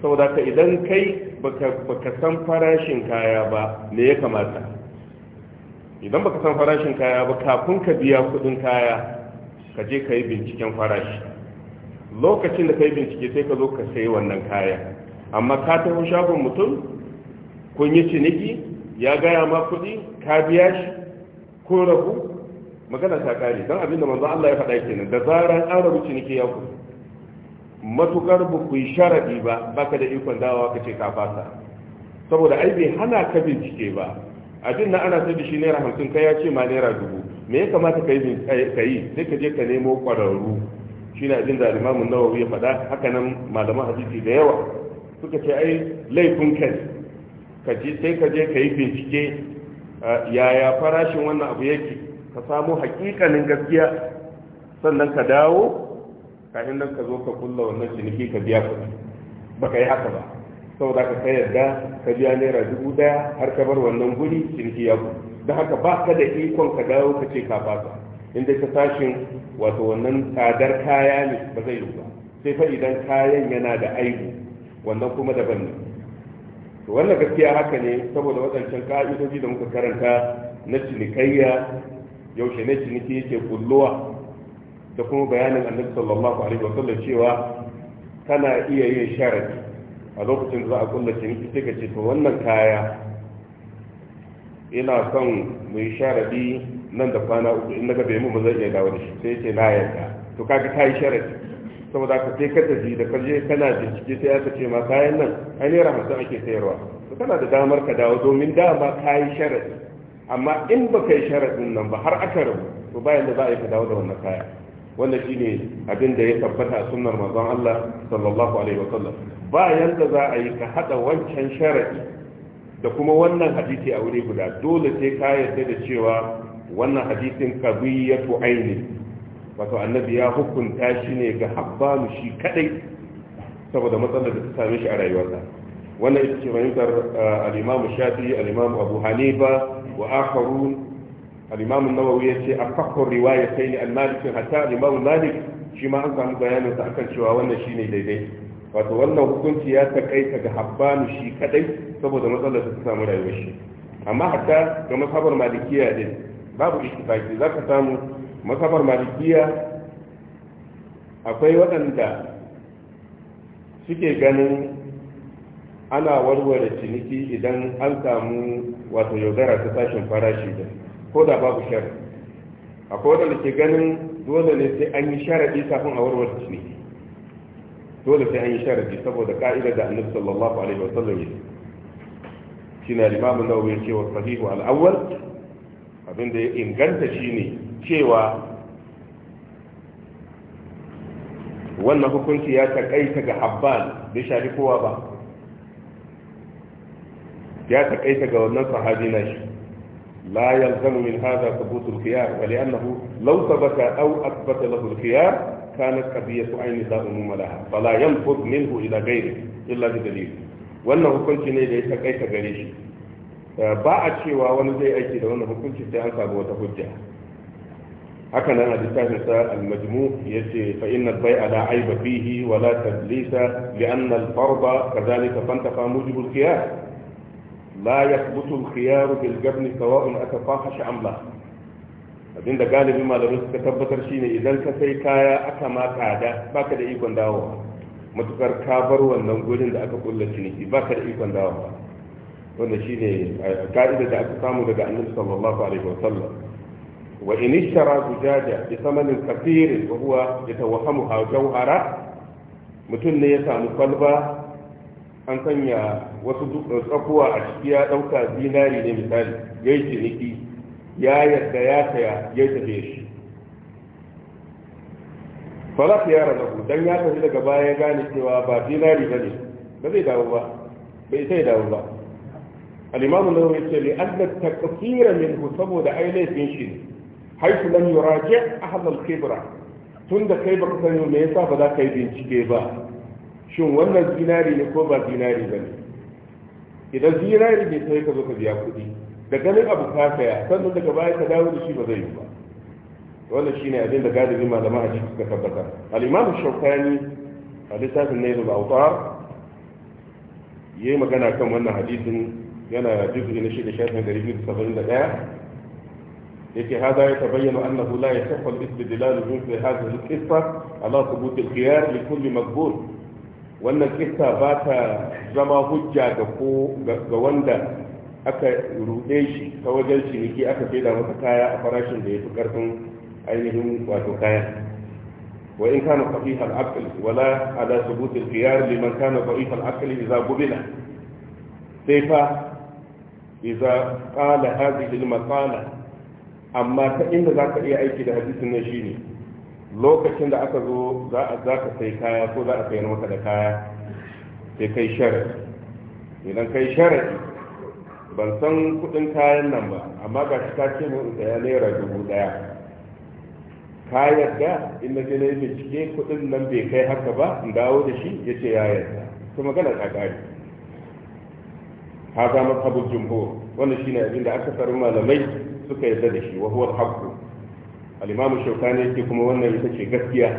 saboda ka idan kai baka san farashin kaya ba me ya kamata idan baka san farashin kaya ba kafin ka biya kudin kaya ka je ka yi binciken farashi lokacin da kai bincike sai ka zo ka sayi wannan kaya amma ka taho shagon mutum kun yi ciniki ya gaya ma kuɗi ka biya shi ko rabu magana ta kare don abinda manzo Allah ya faɗa kenan da zaran an rabu ciniki ya ku matukar ba ku yi sharadi ba baka da ikon dawa ka ce ka fasa saboda ai bai hana ka bincike ba abin nan ana sai da shi naira hamsin kai ya ce ma naira dubu me ya kamata ka yi sai ka je ka nemo kwararru. shine abin da Imam Nawawi ya faɗa haka nan malaman hadisi da yawa suka ce ai laifin kai ka ji sai ka je ka yi bincike yaya farashin wannan abu yake ka samu hakikanin gaskiya sannan ka dawo kafin nan ka zo ka kulla wannan ciniki ka biya kuɗi baka yi haka ba saboda ka kai yadda ka biya naira dubu ɗaya har ka bar wannan guri ciniki ya da haka ba ka da ikon ka dawo ka ce ka fasa inda ta sashin wato wannan tsadar kaya ne ba zai yi ba sai fa idan kayan yana da aibu wannan kuma daban ne to wannan gaskiya haka ne saboda wadancan ka'idoji da muka karanta na cinikayya yaushe ne ciniki yake kulluwa da kuma bayanin annabi sallallahu alaihi wasallam cewa kana iya yin sharadi a lokacin da za a kulla ciniki sai ka ce to wannan kaya ina son mu yi sharadi nan da kwana uku in naga bai mu zan iya dawo da shi sai ce na yarda to kaga ta yi sharadi saboda ka sai ka tafi da kaje kana bincike sai aka ce ma kayan nan ai naira hamsin ake sayarwa to kana da damar ka dawo domin dama ka yi sharadi amma in ba ka yi sharadin nan ba har aka rabu to bayan da za a yi ka dawo da wannan kaya wannan shine abin da ya tabbata a sunnar manzon Allah sallallahu alaihi sallam. bayan da za a yi ka hada wancan sharadi da kuma wannan hadisi a wuri guda dole sai ka yarda da cewa wannan hadisin qadiyatu aini wato annabi ya hukunta shi ne ga habbanu shi kadai saboda matsalar da ta same shi a rayuwarsa wannan ita ce fahimtar uh, al-imamu shafi al-imamu abu hanifa wa akharun al-imamu nawawi ya ce afakkar riwaya sai ne al-malik hatta al-imamu malik shi ma an samu bayanin sa akan cewa wannan shine daidai wato wannan hukunci ya takaita ga habbanu shi kadai saboda matsalar da ta samu rayuwar shi amma hatta ga masabar malikiya ne babu ishtifaki za ka samu masabar malikiya akwai waɗanda suke ganin ana warware ciniki idan an samu wato yaudara ta sashen farashi da ko da babu shari akwai waɗanda ke ganin dole ne sai an yi sharaɗi kafin a warware ciniki dole sai an yi sharaɗi saboda ka'idar da annabi sallallahu alaihi wasallam ya shine limamin imam an cewa yake wa sahihu al abinda ya inganta shine cewa wannan hukunci ya taƙaita ga abban bai shafi kowa ba ya takaita ga wannan sahabi na shi لا يلزم من هذا ثبوت الخيار ولأنه لو ثبت أو أثبت له الخيار كانت قضية عين لا عموم لها فلا ينفذ منه إلى غيره إلا بدليل wannan hukunci ne da ya kai ka gare shi ba a cewa wani zai aiki da wannan hukunci sai an samu wata hujja haka nan a littafin sa al-majmu yace fa inna al-bai'a la aiba fihi wa la tadlisa li anna al-farda kadhalika fantafa mujibu al-khiyar la yathbutu al-khiyar bil jabn sawa'un atafahash am la abinda galibin malamai suka tabbatar shine idan ka sai kaya aka ma kada baka da ikon dawowa matukar kafar wannan gurin da aka kulla ciniki ba ka da ikon dawa ba wanda ne eh, ka'ida da aka samu daga annabi sallallahu alaihi wa sallam wa in ishtara zujaja bi thamanin kathir wa huwa jawhara mutum ne ya samu kwalba an sanya wasu eh, tsakuwa a ciki ya dauka zinari ne misali yayi ciniki ya yarda ya saya yai tabe shi fala ta yara zaku dan ya tafi daga baya ya gane cewa ba dinari ba ne ba zai dawo ba bai sai dawo ba al-imam an-nawawi yace li anna takfira ku saboda ai laifin shi ne haifu lam yuraji ahad al-kibra tunda kai baka sani me yasa ba za ka yi bincike ba shin wannan dinari ne ko ba dinari ba ne idan dinari ne sai ka zo ka biya kuɗi da ganin abu ka saya sannan daga baya ka dawo da shi ba zai yi ba wannan shine abin da galibi malama a cikin suka tabbatar al-imam shaukani a littafin nailul autar yayi magana kan wannan hadisin yana juz'i na shida shafin gari biyu da saba'in da ɗaya ke haza ya tabayyana annabu la yasahhu al-istidlal bi fi hadhihi al-qissa ala thubut al-khiyar li kulli maqbul wannan kissa ba ta zama hujja ga ko ga wanda aka ruɗe shi ta wajen ciniki aka fi da masa kaya a farashin da ya fi ƙarfin. ainihin wato kayan wa in kana qafih al-aql wala ala thubut al-khiyar liman kana qafih al-aql idza gubila sai fa idza qala hadhihi al-maqala amma ta inda zaka iya aiki da hadisin nan shine lokacin da aka zo za a za ka sai kaya ko za a sayar maka da kaya sai kai sharadi idan kai sharadi ban san kudin kayan nan ba amma ga shi ta ce mun ya naira dubu daya ka yarda in na je bincike kuɗin nan bai kai haka ba in dawo da shi ya ce ya yarda to magana ta ƙari ha ga mazhabul jumhur wannan shine abin da aka sarin malamai suka yarda da shi wa huwa haqqu al yake kuma wannan ita ce gaskiya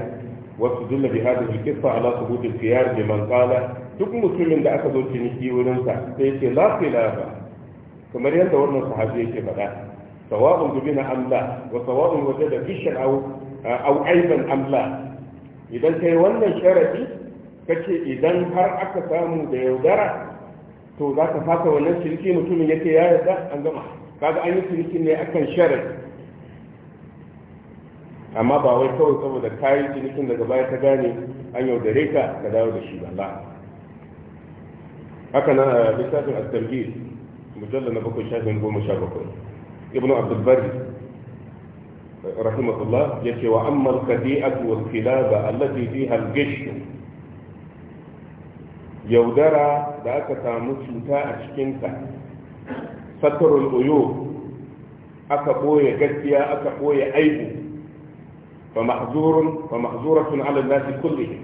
wasu dulla bi hadhihi al-qissa ala su al-khiyar bi man qala duk mutumin da aka zo ciniki wurinsa sai yace la kamar yadda wannan sahabi yake faɗa sawa'un dubina am la wa sawa'un wajada fishan aw aw aiban am la idan kai wannan sharadi kace idan har aka samu da yaudara to za ka fasa wannan ciniki mutumin yake ya yarda an gama kaga an yi ciniki ne akan sharadi amma ba wai kawai saboda kayan cinikin daga baya ta gane an yaudare ka ka dawo da shi ba haka na littafin al-tarbiyyah mujallal na bakwai shafin goma sha bakwai ابن عبد البر رحمه الله يكي واما القديئه والكلابه التي فيها الجش يودرى ذاك تاموس متاع شكنتا ستر الغيوب اكا بويا جسيا اكا بويا ايب فمحظور ومحظوره على الناس كلهم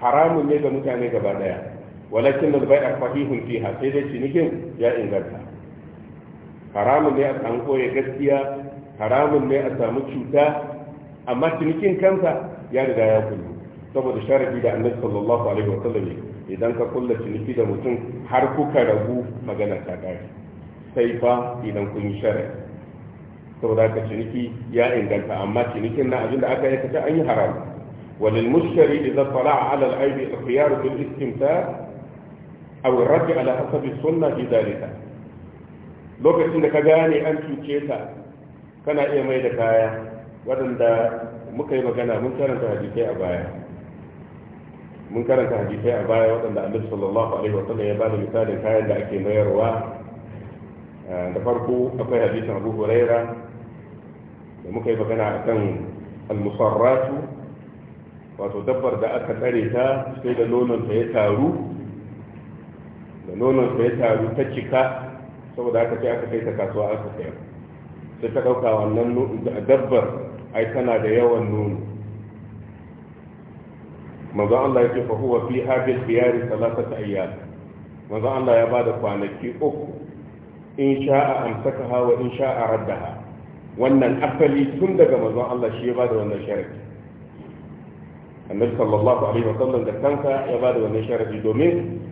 حرام ليس متى نيجا ولكن البائع فقيه فيها سيدتي نجم يا انجازها haramun ne a samu koya gaskiya haramun ne a samu cuta amma cinikin kansa ya riga ya kullu saboda sharafi da annabi sallallahu alaihi wa sallam idan ka kulla ciniki da mutum har kuka rabu magana ta kare sai fa idan kun yi sharafi saboda ka ciniki ya inganta amma cinikin na abinda aka yi kace an yi haram walil mushtari idza tala'a ala al-aybi al-khiyar bil istimta aw ar ala hasab sunnah fi dhalika lokacin da ka gane an cuce ka kana iya mai da kaya waɗanda muka yi magana mun karanta hadisai a baya mun karanta hadisai a baya waɗanda annabi sallallahu alaihi wasallam ya bada misalin kayan da ake mayarwa ah, da farko akwai hadisin abu huraira da muka yi magana a kan almusarratu wato dabbar da aka tsare ta sai da nononta ya taru da nononta ya taru ta cika saboda aka ce aka kai ta kasuwa aka sayar sai ta ɗauka wannan dabbar ai tana da yawan nono manzon Allah ya ce fa huwa fi hadil biyari salasata ayyam manzon Allah ya bada kwanaki uku in sha'a amsakaha wa in sha'a raddaha wannan asali tun daga manzon Allah shi ya bada wannan sharadi annabi sallallahu alaihi wasallam da kanka ya bada wannan sharadi domin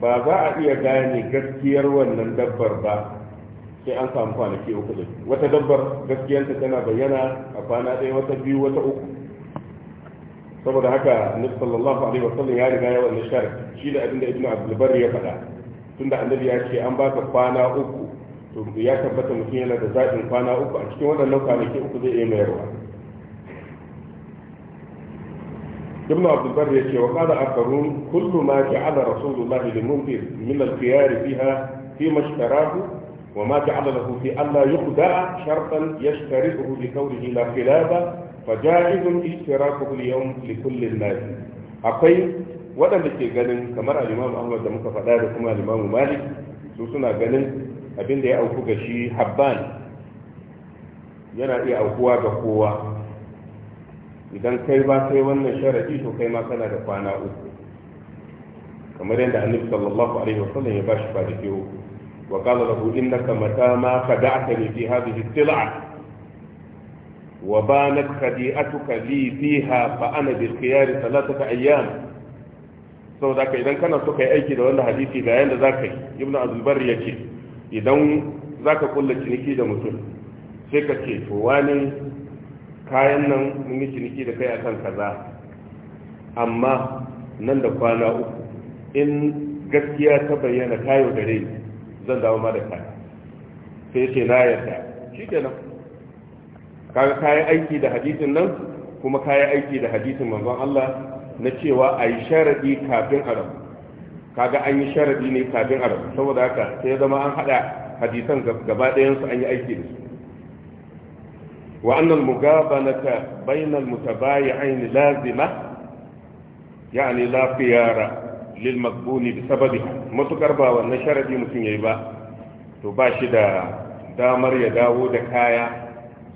ba za a iya gane gaskiyar wannan dabbar ba sai an samu kwanaki uku da wata dabbar gaskiyarta tana bayyana a kwana ɗaya wata biyu wata uku saboda haka annabi sallallahu alaihi wasallam ya riga ya wannan shar shi da abinda ibnu abdulbar ya faɗa tunda annabi ya ce an baka kwana uku to ya tabbata mutum yana da zaɓin kwana uku a cikin waɗannan kwanaki uku zai iya mayarwa ibn abdul bar yace wa qala akharun kullu ma ja'ala rasulullah lil munfir min al khiyar fiha fi mashtarahu wa ma ja'ala lahu fi an la yukhda shartan yashtarihu li qawlihi la khilaba فجائز اشتراكه اليوم لكل الناس akwai waɗanda ke ganin kamar alimamu ahmad da muka faɗa da kuma alimamu malik su suna ganin abin da ya auku ga shi habban yana iya aukuwa ga kowa idan kai ba kai wannan sharadi to kai ma kana da kwana uku kamar yadda annabi sallallahu alaihi wasallam ya bashi kwanaki uku wa qala lahu innaka mata ma qada'tani fi hadhihi tila'a wa banat khadi'atuka li fiha fa ana bil khiyar thalathata ayyam saboda ka idan kana so kai aiki da wanda hadisi ga yanda zaka yi ibnu azbar yace idan zaka kulla ciniki da mutum sai ka ce to wani kayan nan mun yi ciniki da kai akan kaza amma nan da kwana uku in gaskiya ta bayyana kayo da rai zan dawo ma da kaya sai ce na yarda shi nan kaga kayan aiki da hadisin nan kuma kayan aiki da hadisin manzon Allah na cewa a yi sharadi kafin a rabu. kaga an yi sharadi ne kafin a rabu saboda haka sai zama an hada hadisan gaba ɗayan su an yi aiki da su wa annal mugabalata bainal mutabayi'ain lazima yani la khiyara lil maqbuni bi sababiha matukar ba wannan sharadi mutum yi ba to ba shi da damar ya dawo da kaya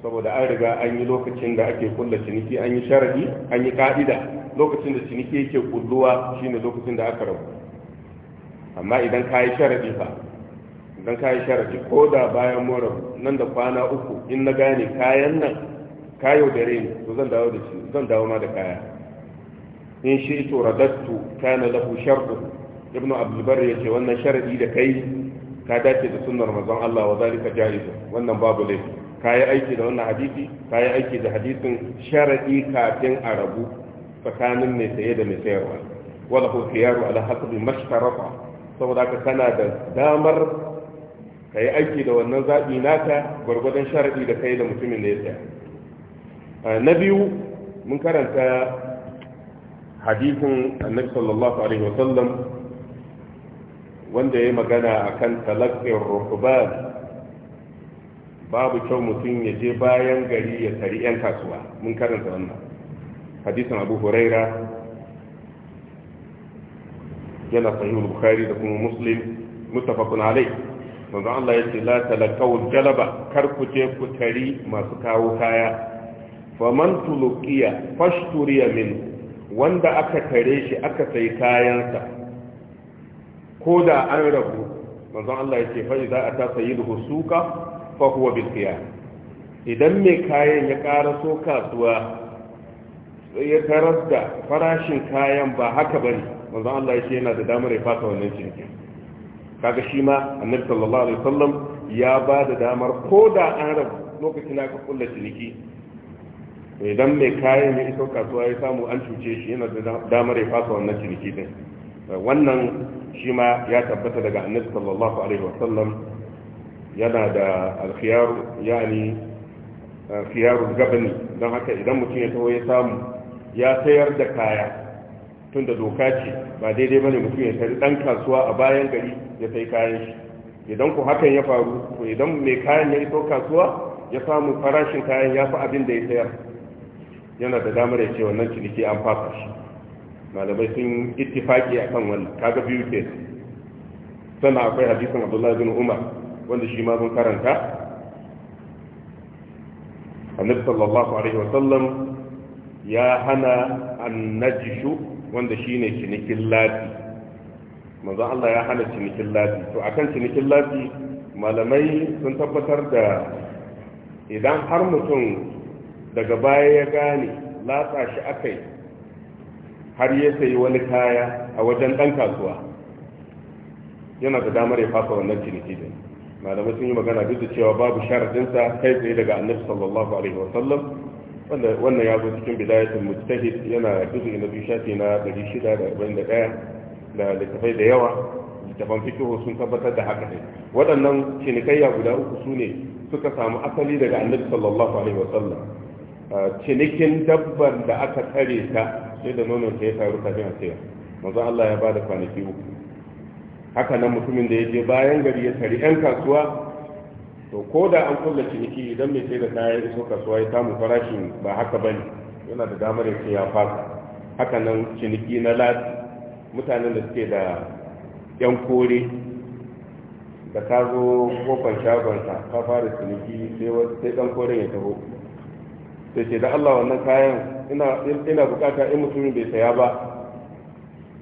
saboda an riga an yi lokacin da ake kulla ciniki an yi sharadi an yi ka'ida lokacin da ciniki yake kulluwa shine lokacin da aka rabu amma idan ka yi sharadi ba don kayi sharafi ko da bayan mora nan da kwana uku in na gane kayan nan kayo da ni to zan dawo da shi zan dawo ma da kaya in shi ito radattu kana lahu sharbu ibn bar ya ce wannan sharadi da kai ka dace da sunnar manzon Allah wa zalika jaiz wannan babu laifi kayi aiki da wannan hadisi kayi aiki da hadisin sharadi kafin a rabu tsakanin mai saye da mai sayarwa wala hu khiyaru ala hasbi mashtarafa saboda ka kana da damar ka yi aiki da wannan zaɓi naka gwargwadon sharaɗi da kai da mutumin da ya tsaya na biyu mun karanta hadisin annabi sallallahu alaihi wasallam wanda ya magana akan talaqqin rukban babu kyau mutum ya je bayan gari ya tari yan kasuwa mun karanta wannan hadisin abu huraira yana sahihul bukhari da kuma muslim muttafaqun alaihi manzo Allah yace la talaqaw jalaba kar ku je ku tari masu kawo kaya faman tuluqiya fashturiya min wanda aka tare shi aka sai kayansa ko da an rabu manzo Allah yace fa idza ata sayyiduhu suqa fa huwa bil qiyam idan mai kayan ya kara so kasuwa ya tarar da farashin kayan ba haka bane manzo Allah ce yana da damar ya fasa wannan cikin kaga shi ma annabi sallallahu alaihi wasallam ya ba da damar ko da an rabu lokacin aka kulla ciniki idan mai kayan ya iso kasuwa ya samu an cuce shi yana da damar ya fasa wannan ciniki din wannan shi ma ya tabbata daga annabi sallallahu alaihi wasallam yana da alkhiyar yani alkhiyar eh, gabani don haka idan mutum ya taho ya samu ya sayar da kaya tun da doka ce ba daidai bane mutum ya tari dan kasuwa a bayan gari ya sai kayan shi idan ku hakan ya faru to idan mai kayan ya iso kasuwa ya samu farashin kayan ya fi abin da ya sayar yana da damar ya ce wannan ciniki an fasa shi malamai sun ittifaki akan wani kaga biyu ke sannan akwai hadisin abdullahi bin umar wanda shi ma mun karanta annabi sallallahu alaihi wa sallam, ya hana annajishu wanda shine cinikin lati manzon Allah ya hana cinikin lafi to akan cinikin lafi malamai sun tabbatar da idan har mutum daga baya ya gane latsa shi akai har ya sayi wani kaya a wajen ɗan kasuwa yana da damar ya fasa wannan ciniki din malamai sun yi magana duk da cewa babu sa kai tsaye daga annabi sallallahu alaihi wa sallam wanda wannan ya zo cikin bidayatul mujtahid yana dubu na biyu shafi na 641 da littafai da yawa littafan fikihu sun tabbatar da haka ne waɗannan cinikayya guda uku su ne suka samu asali daga annabi sallallahu alaihi wasallam cinikin dabban da aka tsare ta sai da nonon ta ya taru kafin a tsaya manzo Allah ya bada kwanaki uku haka nan mutumin da ya je bayan gari ya tari yan kasuwa to ko da an kulla ciniki idan mai sai da kaya iso kasuwa ya samu farashin ba haka bane yana da damar ya ya fasa haka nan ciniki na lati mutanen da suke da yan kore da ka zo kofar shagonsa ka fara ciniki sai dan koren ya taho sai ce da allah wannan kayan ina bukata in mutumin bai saya ba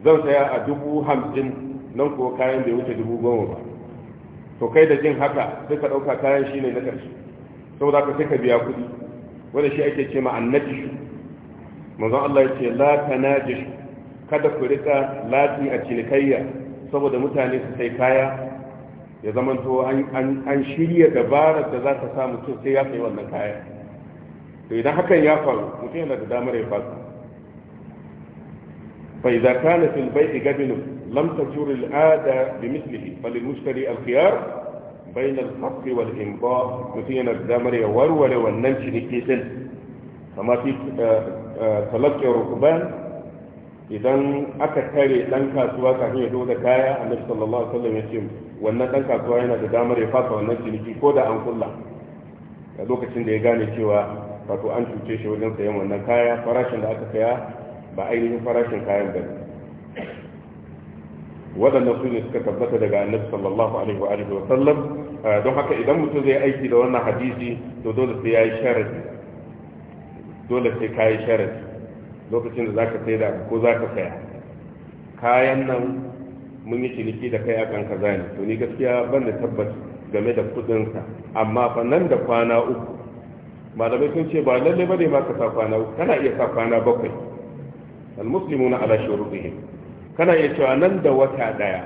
zan saya a dubu hamsin nan kuwa kayan bai wuce dubu goma ba to kai da jin haka sai ka ɗauka kayan shine na ƙarshe saboda ka sai ka biya kuɗi wanda shi ake ce ma shi. manzon allah ya ce la shi. kada ku rika lati a cinikayya saboda mutane su sai kaya ya zaman to an shirya dabarar da za ta sa mutum sai ya sai wannan kaya to idan hakan ya faru mutum yana da damar ya fasa fai za ta na fil bai gabin lamta juri al'ada bi mislihi fali mushtari alkhiyar bai na fasi wal himba mutum yana da damar ya warware wannan ciniki din kamar fi eh, eh, talakkiyar rukuban idan aka tare dan kasuwa kafin ya dole kaya annabi sallallahu alaihi wasallam ya ce wannan dan kasuwa yana da damar ya fasa wannan ciniki ko da an kulla a lokacin da ya gane cewa wato an cuce shi wajen sayan wannan kaya farashin da aka saya ba ainihin farashin kayan ba waɗannan su ne suka tabbata daga annabi sallallahu alaihi wa sallam don haka idan mutum zai aiki da wannan hadisi to dole sai ya yi sharadi dole sai kai sharadi lokacin da za ka sai da ko ka saya kayan nan mun yi ciniki da kai a kan kaza ne to ni gaskiya ban da tabbas game da kudin amma fa nan da kwana uku malamai sun ce ba lalle bane ma ka sa kwana uku kana iya sa kwana bakwai muslimuna ala shurutihim kana iya cewa nan da wata daya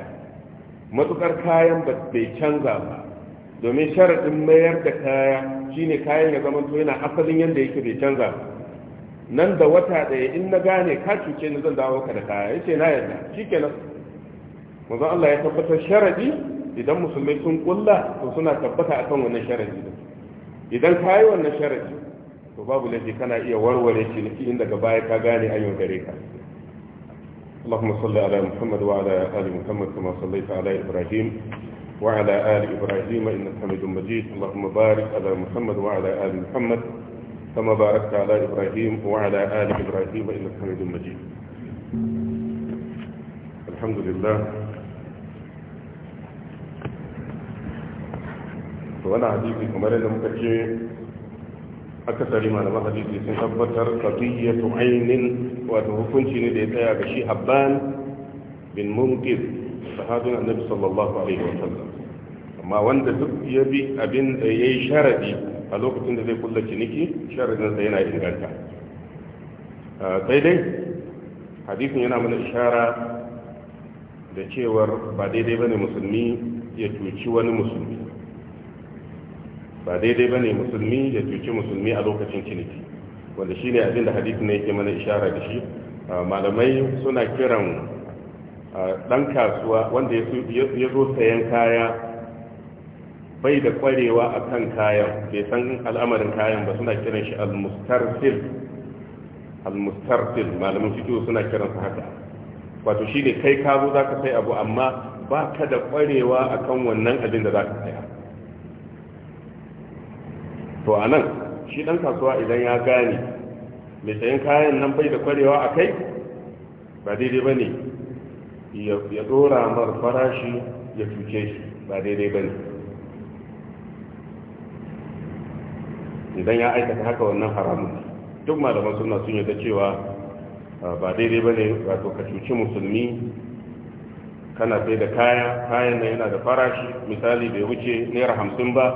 matukar kayan ba bai canza ba domin sharaɗin mayar da kaya shine kayan ya zama to yana asalin yanda yake bai canza ba nan da wata ɗaya in na gane ka cuce ni zan dawo ka da kaya ce na yadda yarda shikenan manzon Allah ya tabbatar sharadi idan musulmai sun kulla to suna tabbata akan wannan sharadi idan ka yi wannan sharadi to babu laifi kana iya warware shi ciniki in daga baya ka gane an gare ka اللهم صل على محمد وعلى آل محمد كما صليت على إبراهيم وعلى آل إبراهيم إنك حميد مجيد اللهم بارك على محمد وعلى آل محمد كما باركت على إبراهيم وعلى آل إبراهيم إنك حميد مجيد الحمد لله وانا حديثي كما لنا مكتشي أكثر ما لما حديثي سنحبتر قضية عين وتهفنشي لديتها بشي حبان بن منقذ صحابنا النبي صلى الله عليه وسلم ما wanda يبي أبن bi a lokacin da zai kulla ciniki sharadinsa yana inganta sai dai hadisin yana mana ishara da cewar ba daidai bane musulmi ya cuci wani musulmi ba daidai bane musulmi ya cuci musulmi a lokacin ciniki wanda shine abin da hadisin yake mana ishara da shi malamai suna kiran dan kasuwa wanda ya zo sayan kaya bai da kwarewa a kan kayan bai san al'amarin kayan ba suna kiran shi al-mustarsil al-mustarsil malamin fiƙo suna kiransa haka wato shi ne kai ka zo za ka sai abu amma ba ka da kwarewa a kan wannan abin da za ka saya to a nan shi ɗan kasuwa idan ya gane mai sayan kayan nan bai da kwarewa a kai ba daidai ba ne ya ɗora mar farashi ya cuce shi ba daidai ba ne idan ya aikata haka wannan haramun duk malaman suna sun yadda cewa ah, ba daidai ba ne wato ka cuci musulmi kana sai da kaya kayan nan yana da farashi misali bai wuce naira hamsin ba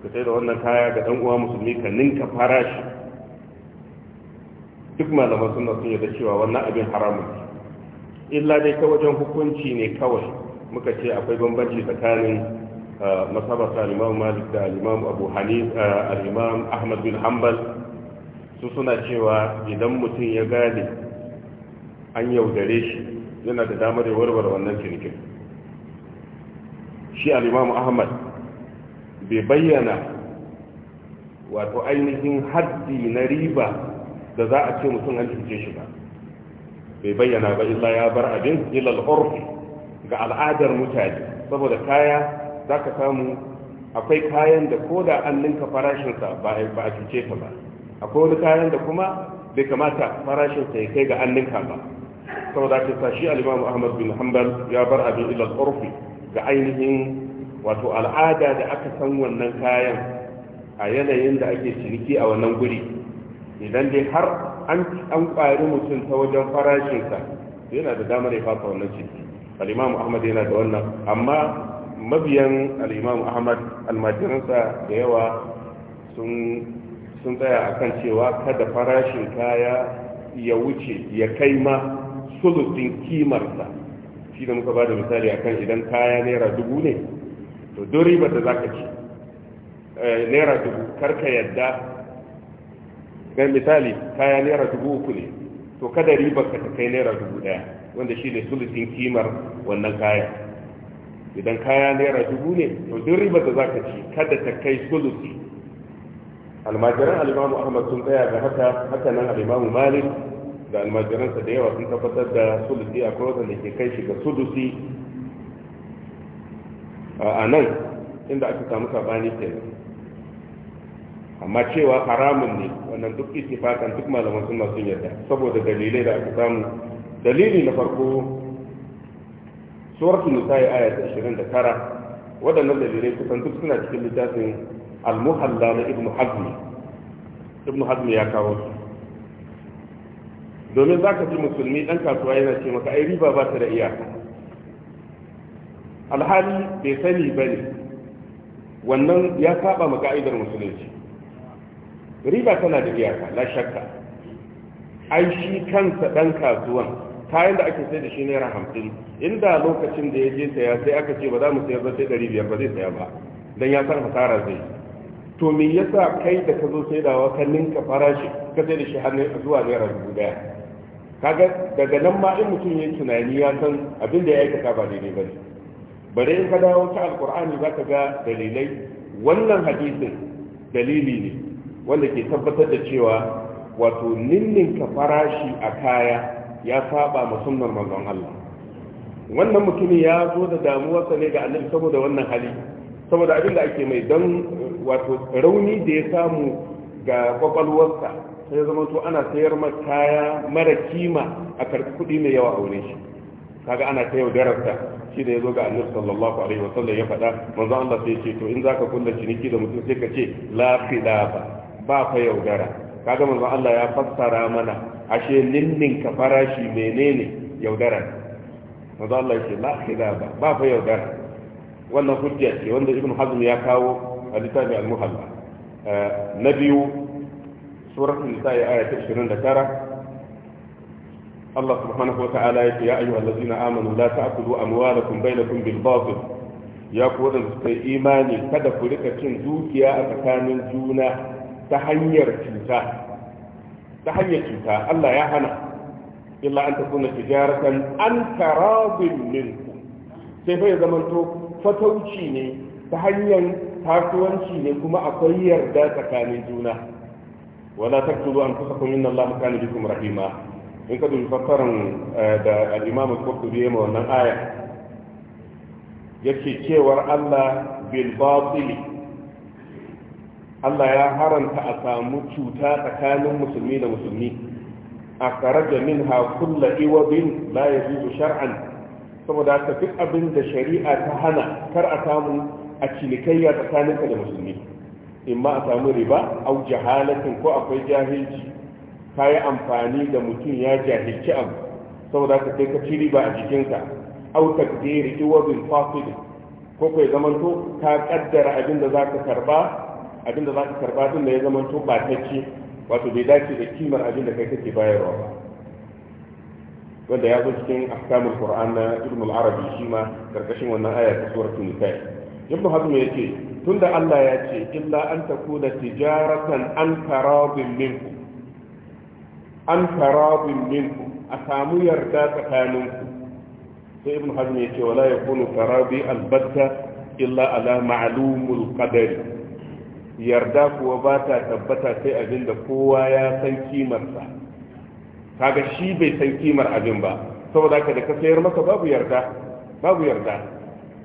ka sai da wannan kaya ga dan uwa musulmi ka ninka farashi duk malaman suna sun yadda cewa wannan abin haramun illa dai ta wajen hukunci ne kawai muka ce akwai bambanci tsakanin masabar ta alimamu malik da alimamu abu hanif alimamu ahmad bin Hambal, su suna cewa idan mutum ya gane an yaudare shi yana da damar ya warware wannan cinikin shi alimamu ahmad bai bayyana wato ainihin haddi na riba da za a ce mutum an cince shi ba bai bayyana ba illa ya bar abin ilal ga al'adar mutane saboda kaya za ka samu akwai kayan da ko da an ninka farashinsa ba a cuce ka ba akwai wani kayan da kuma bai kamata farashinsa ya kai ga an ninka ba saboda da sa shi alimamu ahmad bin hanbal ya bar abin ilal urfi ga ainihin wato al'ada da aka san wannan kayan a yanayin da ake ciniki a wannan guri idan dai har an ƙwari mutum ta wajen farashinsa yana da damar ya fasa wannan ciniki al'imamu ahmad yana da wannan amma mabiyan al'imam ahmad almajiransa da yawa sun tsaya a kan cewa kada farashin kaya ya wuce ya kai ma sulutin kimarsa shi da muka ba da misali a kan, idan kaya naira dubu ne to don ribar da za ka ci eh, naira dubu karka yadda ga misali kaya naira dubu uku ne to kada ribar ka ta kai naira dubu daya wanda shi ne sulutin kimar wannan kayan idan kaya naira dubu ne to duk ribar da zaka ci kada ta kai sulusi almajiran alimamu ahmad sun tsaya da haka haka nan alimamu malik da almajiransa da yawa sun tabbatar da sulusi kowace da ke kai shi ga sulusi a nan inda aka samu sabani kenan amma cewa haramun ne wannan duk istifakan duk malaman sun masu yarda saboda dalilai da aka samu dalili na farko suratul nisa'i aya ta 29 waɗannan dalilai kusan duk suna cikin littafin al-muhalla na ibnu hazmi ibnu hazmi ya kawo su domin za ka ji musulmi ɗan kasuwa yana ce maka ai riba ba ta da iyaka alhali bai sani ba ne wannan ya saba ma ka'idar musulunci riba tana da iyaka la shakka ai shi kansa ɗan kasuwan kayan da ake sai da shi naira hamsin inda lokacin da ya je saya sai aka ce ba za mu sayar ba sai ɗari biyar ba zai saya ba don ya san hasara zai to me yasa kai da ka zo sai da wa ka ninka farashi ka sai da shi har zuwa naira dubu daya kaga daga nan ma in mutum ya yi tunani ya san abin da ya aikata ba daidai ba ne bare in ka dawo ta alkur'ani za ka ga dalilai wannan hadisin dalili ne wanda ke tabbatar da cewa wato ninninka farashi a kaya ya saba ma sunnar manzon Allah wannan mutumin ya zo da damuwarsa ne ga annabi saboda wannan hali saboda abin da ake mai dan, wato rauni da ya samu ga kwakwalwarsa sai ya zama to ana sayar ma kaya mara kima a karɓi kuɗi mai yawa a wurin shi kaga ana ta yau yaudararsa shi da ya zo ga annabi sallallahu alaihi wasallam ya faɗa manzon Allah sai ce to in zaka kulla ciniki da mutum sai ka ce la khilafa ba fa yaudara kaga manzon Allah ya fassara mana ashe nimmin ka farashi menene yaudara maza Allah ya ce la khila ba ba fa yaudara wannan hujja ce wanda ibn hazm ya kawo a littafin al-muhalla eh, na biyu suratul nisa ya aya ta 29 الله سبحانه وتعالى يا أيها الذين آمنوا لا تأكلوا أموالكم بينكم بالباطل ya kuwa kai imani kada ku rika cin dukiya a tsakanin juna ta hanyar cuta ta hanyar cuta Allah ya hana illa an ta kuna tijaratan an tarabin minku sai fa ya zamanto fatauci ne ta hanyar kasuwanci ne kuma akwai yarda tsakanin juna wala taktubu an kusakum inna Allah kana bikum rahima in ka dubi fassaran eh, da al-Imam qurtubi ma wannan aya yake cewar Allah bil batili Allah ya haranta a samu cuta tsakanin musulmi da musulmi a karaja min ha kulla iwabin la yajuzu shar'an saboda haka fi abin da shari'a ta hana kar a samu a cinikayya tsakaninka da musulmi ma a samu riba au jahalatin ko akwai jahilci ka yi amfani da mutum ya jahilci abu saboda haka kai ka ci riba a jikinka au takdiri iwabin fasidin ko kai zamanto ka kaddara abin da za ka karba abin da za ka karba din da ya zama to batacce wato bai dace da kimar abin da kai kake bayarwa ba wanda ya zo cikin ahkamul qur'an na ibn al-arabi shi ma karkashin wannan aya ta suratul nisa ibn hazm yace tunda Allah ya ce illa an takuna tijaratan an taradin minku an taradin minku a samu yarda tsakaninku sai ibn hazm yace wala yakunu taradi al-batta illa ala ma'lumul qadari yarda kuwa ba ta tabbata sai abin da kowa ya san kimarsa kaga shi bai san kimar abin ba saboda haka da ka sayar masa babu yarda babu yarda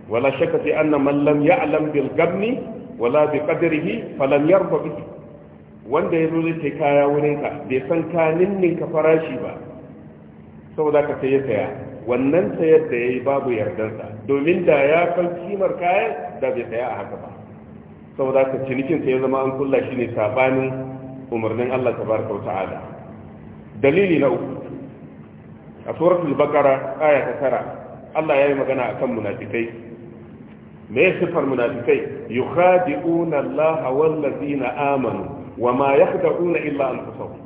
wala shakka sai anna man lam ya'lam bil gabni wala bi qadrihi falam yarda bihi wanda yazo zai kai kaya wurin ka bai san ka ninnin ka farashi ba saboda ka sai ya saya wannan sayar da yayi babu yardansa domin da ya san kimar kayan da bai saya a haka ba saboda ka cinikin sa ya zama an kulla shi ne sabanin umarnin Allah tabaraka wa ta'ala dalili na uku a suratul baqara aya ta tara Allah ya yi magana a kan munafikai me ya sifar munafikai yukhadi'una Allah wal ladina amanu wa ma yakhda'una illa anfusahum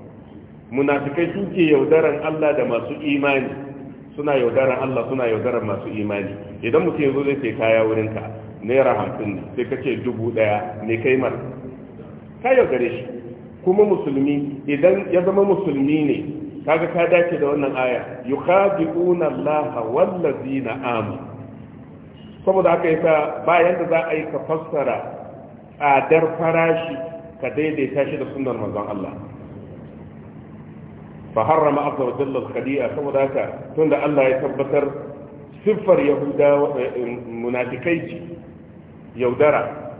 munafikai suke yaudaran Allah da masu imani suna yaudaran Allah suna yaudaran masu imani idan mutum yazo zai kai kaya wurinka naira hamsin ne sai ka ce dubu ɗaya ne kai mar ka gare shi kuma musulmi idan ya zama musulmi ne kaga ka dace da wannan aya yukhadi'una allaha wallazina amanu saboda haka yasa bayan da za a yi ka fassara tsadar farashi ka daidaita shi da sunnar manzon Allah fa harrama azza wa jalla al-khadi'a saboda haka tunda Allah ya tabbatar siffar yahuda eh, eh, munafikai yaudara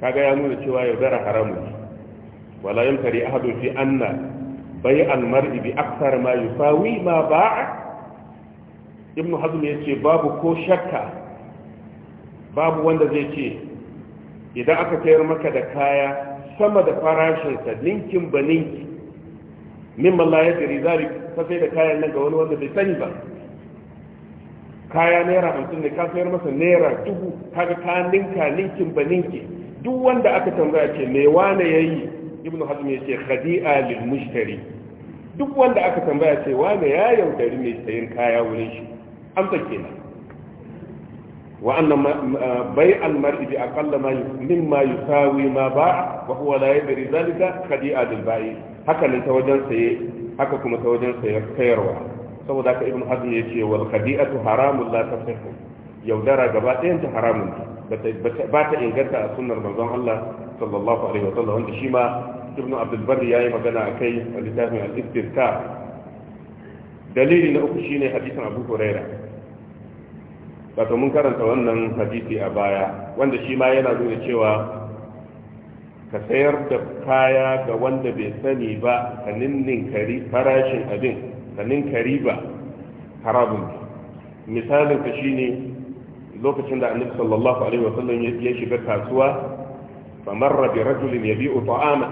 kaga ya nuna cewa yaudara haramun ne wala yamtari ahadu fi anna bai almar bi akthar ma yusawi ma ba'a ibnu hazm ce babu ko shakka babu wanda zai ce idan aka sayar maka da kaya sama da farashinsa ninkin ba ninki mimma la yadri zalik ka sai da kayan nan ga wani wanda bai sani ba kaya naira hamsin ne ka sayar masa naira dubu kaga ka ninka ninkin ba ninki duk wanda aka tambaya ce me wane yayi ibnu hazm ya ce khadi'a lil mushtari duk wanda aka tambaya ce wane ya yaudari mai sayin kaya wurin shi an amsa na wa anna bai'al mar'i bi aqalla ma mimma yusawi ma ba'a wa huwa la yadri zalika khadi'a lil bai haka ne ta wajen saye haka kuma ta wajen sayarwa saboda aka ibn hazm ya ce wal khadi'atu haramun la tasihhu yaudara gaba ɗayan ta haramun ba ta inganta a sunnar manzon Allah sallallahu alaihi wa sallam wanda shi ma ibn abdul barri yayi magana akai a littafin al-istirka dalili na uku shine hadisin abu hurairah wato mun karanta wannan hadisi a baya wanda shi ma yana nuna cewa ka sayar da kaya ga wanda bai sani ba ka ninninkari farashin abin Sannan Kariba, riba misalin ka shine lokacin da annabi sallallahu alaihi wasallam ya shiga kasuwa fa marra bi rajulin yabi'u ta'ama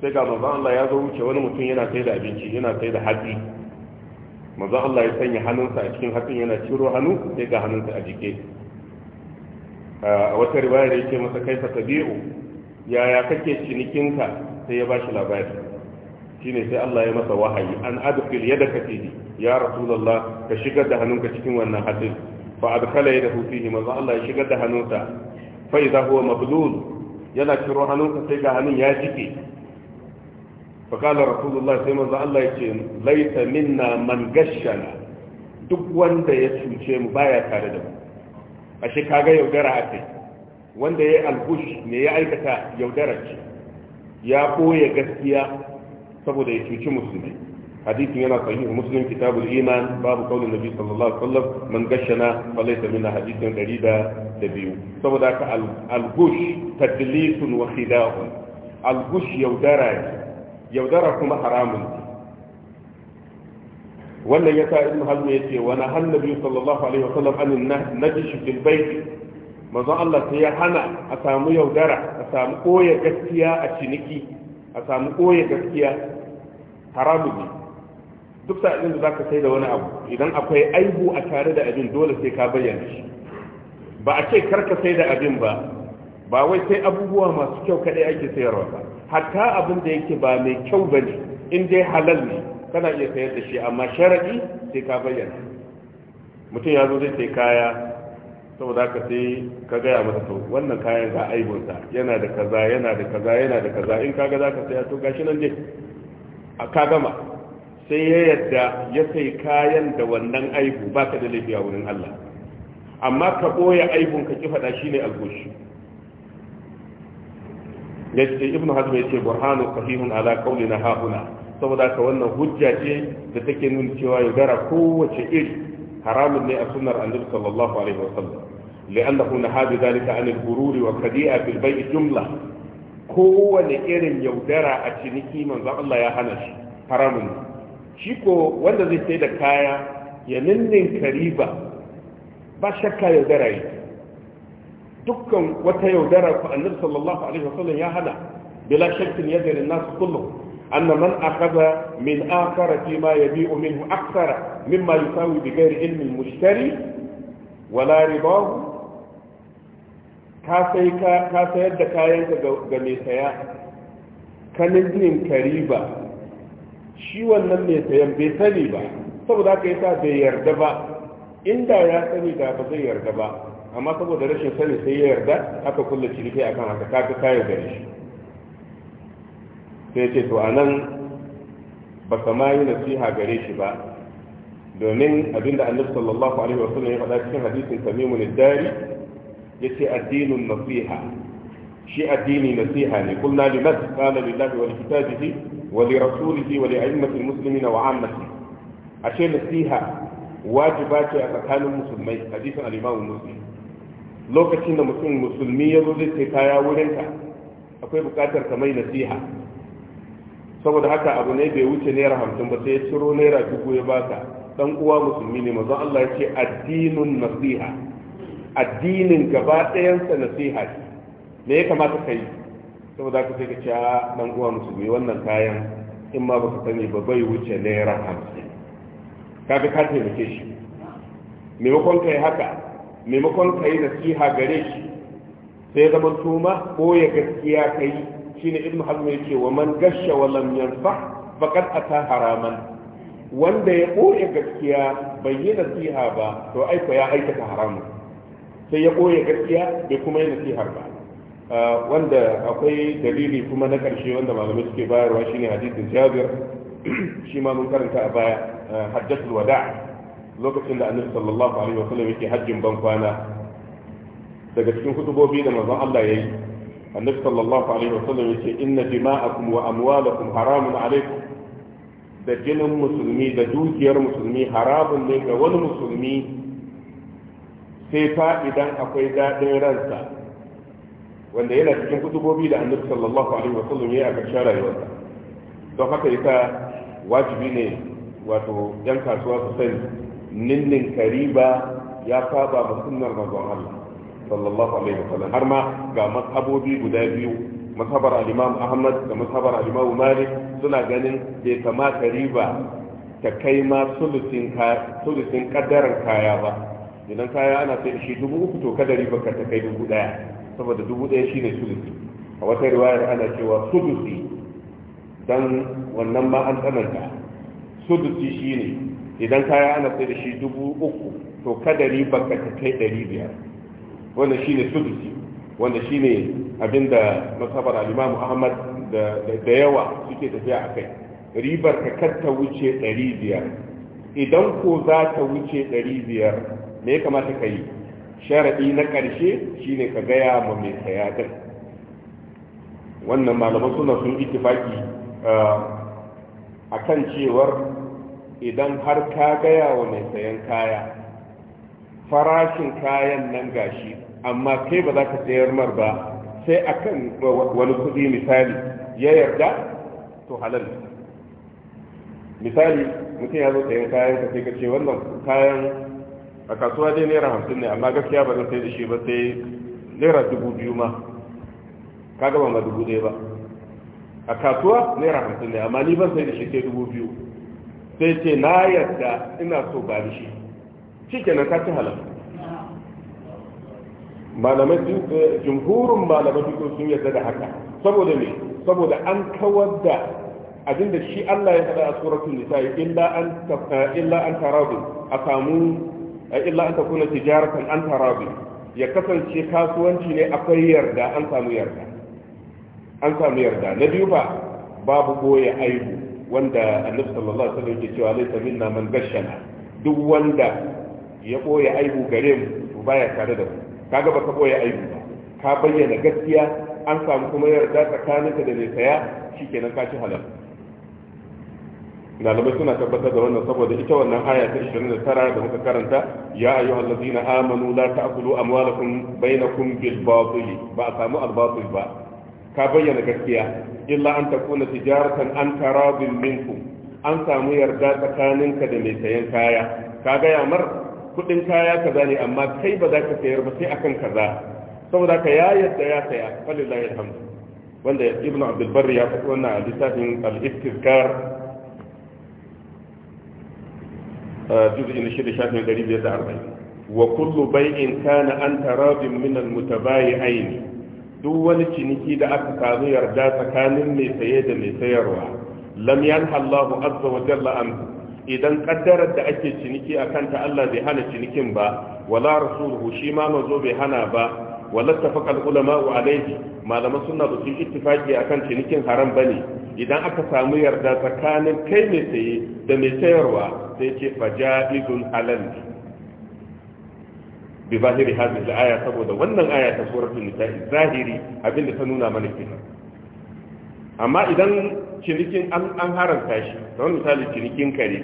sai ga manzo Allah ya zo wuce wani mutum yana sai da abinci yana sai da hatsi manzo Allah ya sanya hannunsa a cikin hatsin yana ciro hannu sai ga hannunsa a jike a wata riwaya da yake masa kaifa tabi'u yaya kake cinikinka sai ya bashi labari shine sai Allah ya masa wahayi an adkhil yadaka fihi ya rasulullah ka shigar da hannunka cikin wannan hadin fa adkhala yadahu fihi manzo Allah ya shigar da hannunsa fa idza huwa mablul yana ciro hannunka sai ga hannun ya jike fa qala rasulullah sai manzo Allah ya ce laita minna man gashshana duk wanda ya cuce mu baya tare da mu ashe kaga yaudara akai wanda ya yi albush ne ya aikata yaudarar ce ya ɓoye gaskiya saboda ya cuci musulmi hadisin yana sahih muslim kitabul iman babu kaulin nabi sallallahu alaihi wasallam man gashana falaysa minna hadisin 102 saboda ka al-gush tadlisun wa khida'un al-gush yaudara yaudara kuma haramun wannan yasa ibn hazm yace wa na hal nabi sallallahu alaihi wasallam an najish fil bayt manzon Allah sai ya hana a samu yaudara a samu koya gaskiya a ciniki a samu koya gaskiya haramu ne duk sa'ilin da zaka sai da wani abu idan akwai aibu a tare da abin dole sai ka bayyana shi ba a ce karka sai da abin ba ba wai sai abubuwa masu kyau kadai ake sayarwa ba hatta abin da yake ba mai kyau bane in dai halal ne kana iya sayar da shi amma sharadi sai ka bayyana mutum ya zo zai sai kaya saboda haka sai ka gaya masa to wannan kayan ga aibunsa yana da kaza yana da kaza yana da kaza in kaga za ka saya to gashi nan dai a ka gama sai ya yadda ya sai kayan da wannan aibu ba ka da laifi a wurin Allah amma ka ɓoye aibun ka ki faɗa shi ne algushi ya ce ibn hazm ya ce burhanu sahihun ala qaulina hauna saboda ka wannan hujja ce da take nuna cewa yaudara kowace iri haramun ne a sunnar annabi sallallahu alaihi wasallam لأنه نهى بذلك عن الغرور والخديعة في البيع جملة kowane irin yaudara a ciniki manzo Allah ya hana shi haramun shi ko wanda zai sai da kaya ya ninnin kariba ba shakka yaudara yi dukkan wata yaudara ku annabi sallallahu alaihi wasallam ya hana bila shakkin yadda nasu kullum أن من أخذ من آخر فيما يبيع منه أكثر مما يساوي بغير علم المشتري ولا رضاه ka sayar da kayanka ga mai saya kanin jin kariba shi wannan mai sayan bai sani ba saboda ka sa bai yarda ba inda ya sani da ba zai yarda ba amma saboda rashin sani sai ya yarda aka kulle ciniki akan haka kafin kayan gare shi sai ce to anan ba ka ma yi nasiha gare shi ba domin abinda annabi sallallahu alaihi wasallam ya faɗa cikin hadisin tamimul dari yace addinun nasiha shi addini nasiha ne kullu liman qala lillahi wa likitabihi wa li rasulihi wa li a'immati muslimina wa ammati ashe nasiha wajiba ce a tsakanin musulmai hadisin al-imam muslim lokacin da mutum musulmi ya zo zai ce kaya wurinka akwai bukatar ka mai nasiha saboda haka abu ne bai wuce naira hamsin ba sai ya ciro naira dubu ya baka dan uwa musulmi ne manzon Allah ya ce addinun nasiha addinin gaba ɗayansa nasiha ne? me ya kamata ka yi saboda ka sai ka ci a ɗan uwa musulmi wannan kayan in ma baka sani ba bai wuce naira hamsin kaga ka taimake shi maimakon ka yi haka maimakon ka yi nasiha gare shi sai zama tuma ya gaskiya ka yi shine ibn hazm ya ce wa man gasha wa lam yanfa faqad ata haraman wanda ya ɓoye gaskiya bai yi nasiha ba to aiko ya aikata haramun sai ya ɓoye gaskiya bai kuma yi nasihar ba wanda akwai dalili kuma na ƙarshe wanda malamai suke bayarwa shine hadisin jabir shi ma mun karanta a baya hajjatul wada lokacin da annabi sallallahu alaihi wa sallam yake hajjin ban kwana daga cikin hutubobi da manzon Allah yayi annabi sallallahu alaihi wa sallam yake inna dima'akum wa amwalakum haramun alaikum da jinin musulmi da dukiyar musulmi haramun ne ga wani musulmi sai fa idan akwai daɗin ransa wanda yana cikin kutubobi da annabi sallallahu alaihi wa sallam ya karshe rayuwarsa don haka yasa wajibi ne wato yan kasuwa su sani ninnin kariba ya saba ma sunnar manzon Allah sallallahu alaihi wa sallam har ma ga mazhabobi guda biyu mazhabar al-Imam Ahmad da mazhabar al-Imam Malik suna ganin bai kama Kariba ta kai ma sulusin kadaran kaya ba idan kaya ana sai shi dubu uku to kada riba ka ta kai dubu daya saboda dubu daya shine sulusi a wata riwayar ana cewa sudusi dan wannan ma an tsananta sudusi shine idan kaya ana sai da shi dubu uku to kada riba ka ta kai ɗari biyar wannan shine sudusi wanda shine abinda masabar alimamu ahmad da yawa suke tafiya a kai ribar ka kar ta wuce ɗari biyar idan ko za ta wuce ɗari biyar me ya kamata ka yi sharaɗi na ƙarshe shine ka gaya ma mai saya din wannan malaman suna sun ittifaki eh, a kan cewar idan har ka gaya wa mai sayan kaya farashin kayan nan gashi amma kai ba za ka sayar mar ba sai akan wani kudi misali ya yarda to halal misali mutum ya zo sayan kayan ka sai ka ce wannan kayan a kasuwa dai naira hamsin ne amma gaskiya ba zai sai da shi ba sai naira dubu biyu ma ka gaba ma dubu ɗaya ba a kasuwa naira hamsin ne amma ni ban sai da shi sai dubu biyu sai ce na yadda ina so ba da shi shi ke ka kacin halar malamai jimhurin malamai sun eh, yadda da haka saboda me saboda an kawar da abinda shi Allah ya faɗa a tsoratun nisa illa an eh, illa taradu a samu illa an takuna tijaratan an tarabi ya kasance kasuwanci ne akwai yarda an samu yarda an samu yarda na biyu ba babu goye aibu wanda annabi sallallahu alaihi wasallam ke cewa laysa minna man gashana duk wanda ya boye aibu gare mu to baya tare da mu kaga ka boye aibu ba ka bayyana gaskiya an samu kuma yarda tsakaninka da mai saya shikenan ka ci halal malamai suna tabbatar da wannan saboda ita wannan aya ta 29 da muka karanta ya ayu allazina amanu la ta'kulu amwalakum bainakum bil batil ba samu al batil ba ka bayyana gaskiya illa an takuna tijaratan an tarabin minkum an samu yarda tsakaninka da mai sayan kaya ka ga yamar kudin kaya kaza ne amma kai ba za ka sayar ba sai akan kaza saboda ka ya yadda ya saya falillahi alhamdu wanda ibnu abdul barri ya faɗi wannan a littafin al-istizkar juz'in shida shafin ɗari biyar da arba'in wa kullu bai'in kana an tarabin min duk wani ciniki da aka samu yarda tsakanin mai saye da mai sayarwa lam yanha Allahu azza wa jalla an idan kaddarar da ake ciniki akan ta Allah bai hana cinikin ba wala rasuluhu shi ma manzo bai hana ba wala tafaqal ulama'u alayhi malamai sunna ba su ittifaqi akan cinikin haram bane idan aka samu yarda tsakanin kai mai saye da mai sayarwa sai ce faja'idun halal bi zahiri hadhihi al-aya saboda wannan aya ta suratul nisa'i zahiri abinda ta nuna mana kenan amma idan cinikin an haranta shi kamar misali cinikin kare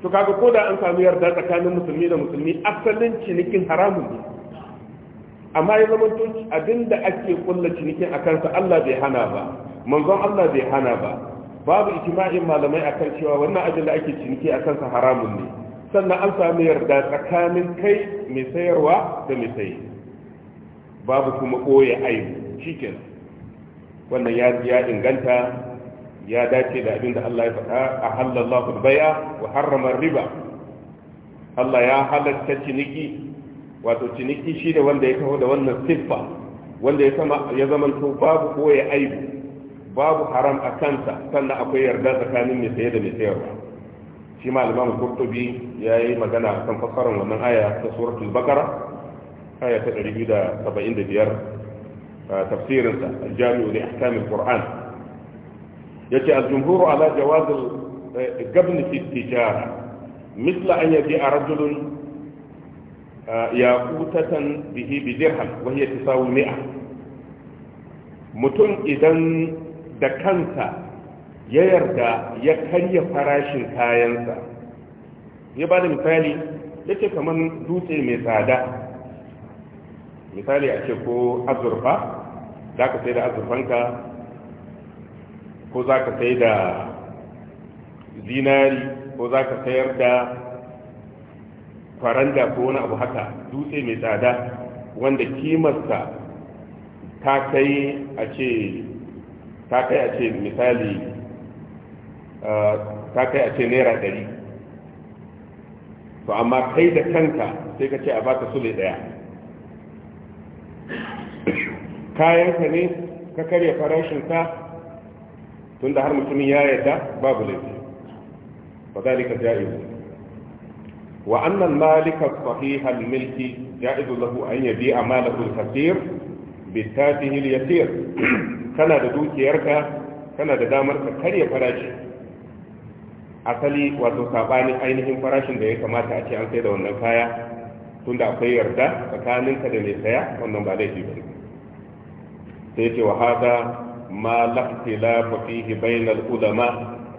to kaga ko da an samu yarda tsakanin musulmi da musulmi asalin cinikin haramun ne amma ya zama to abinda ake kulla cinikin a kansa Allah bai hana ba manzon Allah bai hana ba babu ijma'in malamai akan cewa wannan abin da ake ciniki a kansa haramun ne sannan an samu yarda tsakanin kai mai sayarwa da mai sayi babu kuma ɓoye aibu shikenan wannan ya inganta ya dace da abin da Allah ya faɗa a halallahu baya wa harrama riba Allah ya halatta ciniki wato ciniki shi da wanda ya kawo da wannan siffa wanda ya zama to babu koya aibu babu haram a kanta, sannan akwai yarda tsakanin mai saye da mai sayarwa shi ma al-imam qurtubi yayi magana kan fassarar wannan aya ta suratul baqara aya ta 275 tafsirin sa al-jami'u li ahkam al-qur'an yace al-jumhur ala jawaz al-gabn eh, fi tijara مثل أن يبيع رجل ياقوتة به بدرهم وهي تساوي مئة mutum idan da kansa ya yarda ya karya farashin kayansa ya ba da misali ya ce kamar dutse mai tsada misali a ce ko azurfa za ka sai da azurfanka ko za ka sai da zinari ko za ka sayar da faranda ko wani abu haka dutse mai tsada wanda kimarsa ta kai a ce ta kai a ce misali ta kai a ce naira ɗari to amma kai da kanka sai ka ce a baka sule ɗaya kayanka ne ka karya farashinka tun da har mutumin ya yarda babu laifi ba zalika ja'izu wa annan malika sahihal milki ja'izu lahu an yabi a al-kasir bi tafihi yasir kana da dukiyarka kana da damar ka karya farashi asali wato sabanin ainihin farashin da ya kamata a ce an sai da wannan kaya tunda akwai yarda tsakaninka da mai saya wannan ba laifi ba sai ce wa haka ma laftila ba fihi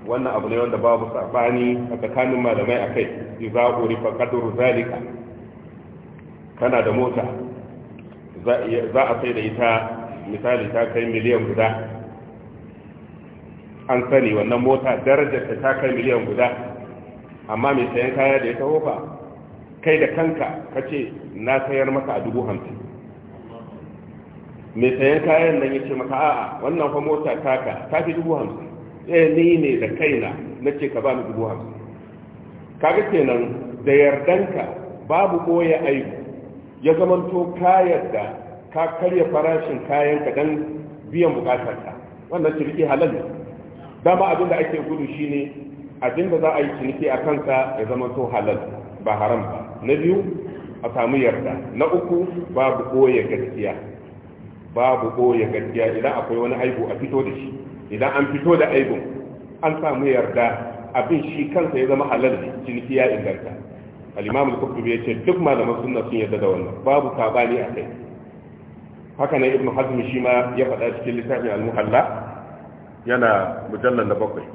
wannan abu ne wanda babu sabani a tsakanin malamai a za a urifa qadru zalika kana da mota za a sai da ita misali ta kai miliyan guda an sani wannan mota darajar ta ta kai miliyan guda amma mai sayan kaya da ya taho fa kai da kanka ka ce na sayar maka a dubu hamsin mai sayan kayan nan ya ce maka a'a wannan fa mota ta ka ta fi dubu hamsin eh ni ne da kaina na ce ka ba mu dubu hamsin kaga kenan da yardanka babu ɓoye aibu ya to ka yarda ka karya farashin kayan ka dan biyan bukatarka wannan ciniki halal ne dama abin da ake gudu shine abin da za a yi ciniki a kansa ya zama to halal ba haram ba na biyu a samu yarda na uku babu koya gaskiya babu koya gaskiya idan akwai wani aibu a fito da shi idan an fito da aibun an samu yarda abin shi kansa ya zama halal ne ciniki ya inganta al-imam al-qurtubi yace duk malaman sunna sun yarda da wannan babu sabani a kai haka ne ibn hazm shi ma ya faɗa cikin littafin al-muhalla yana mujallal na bakwai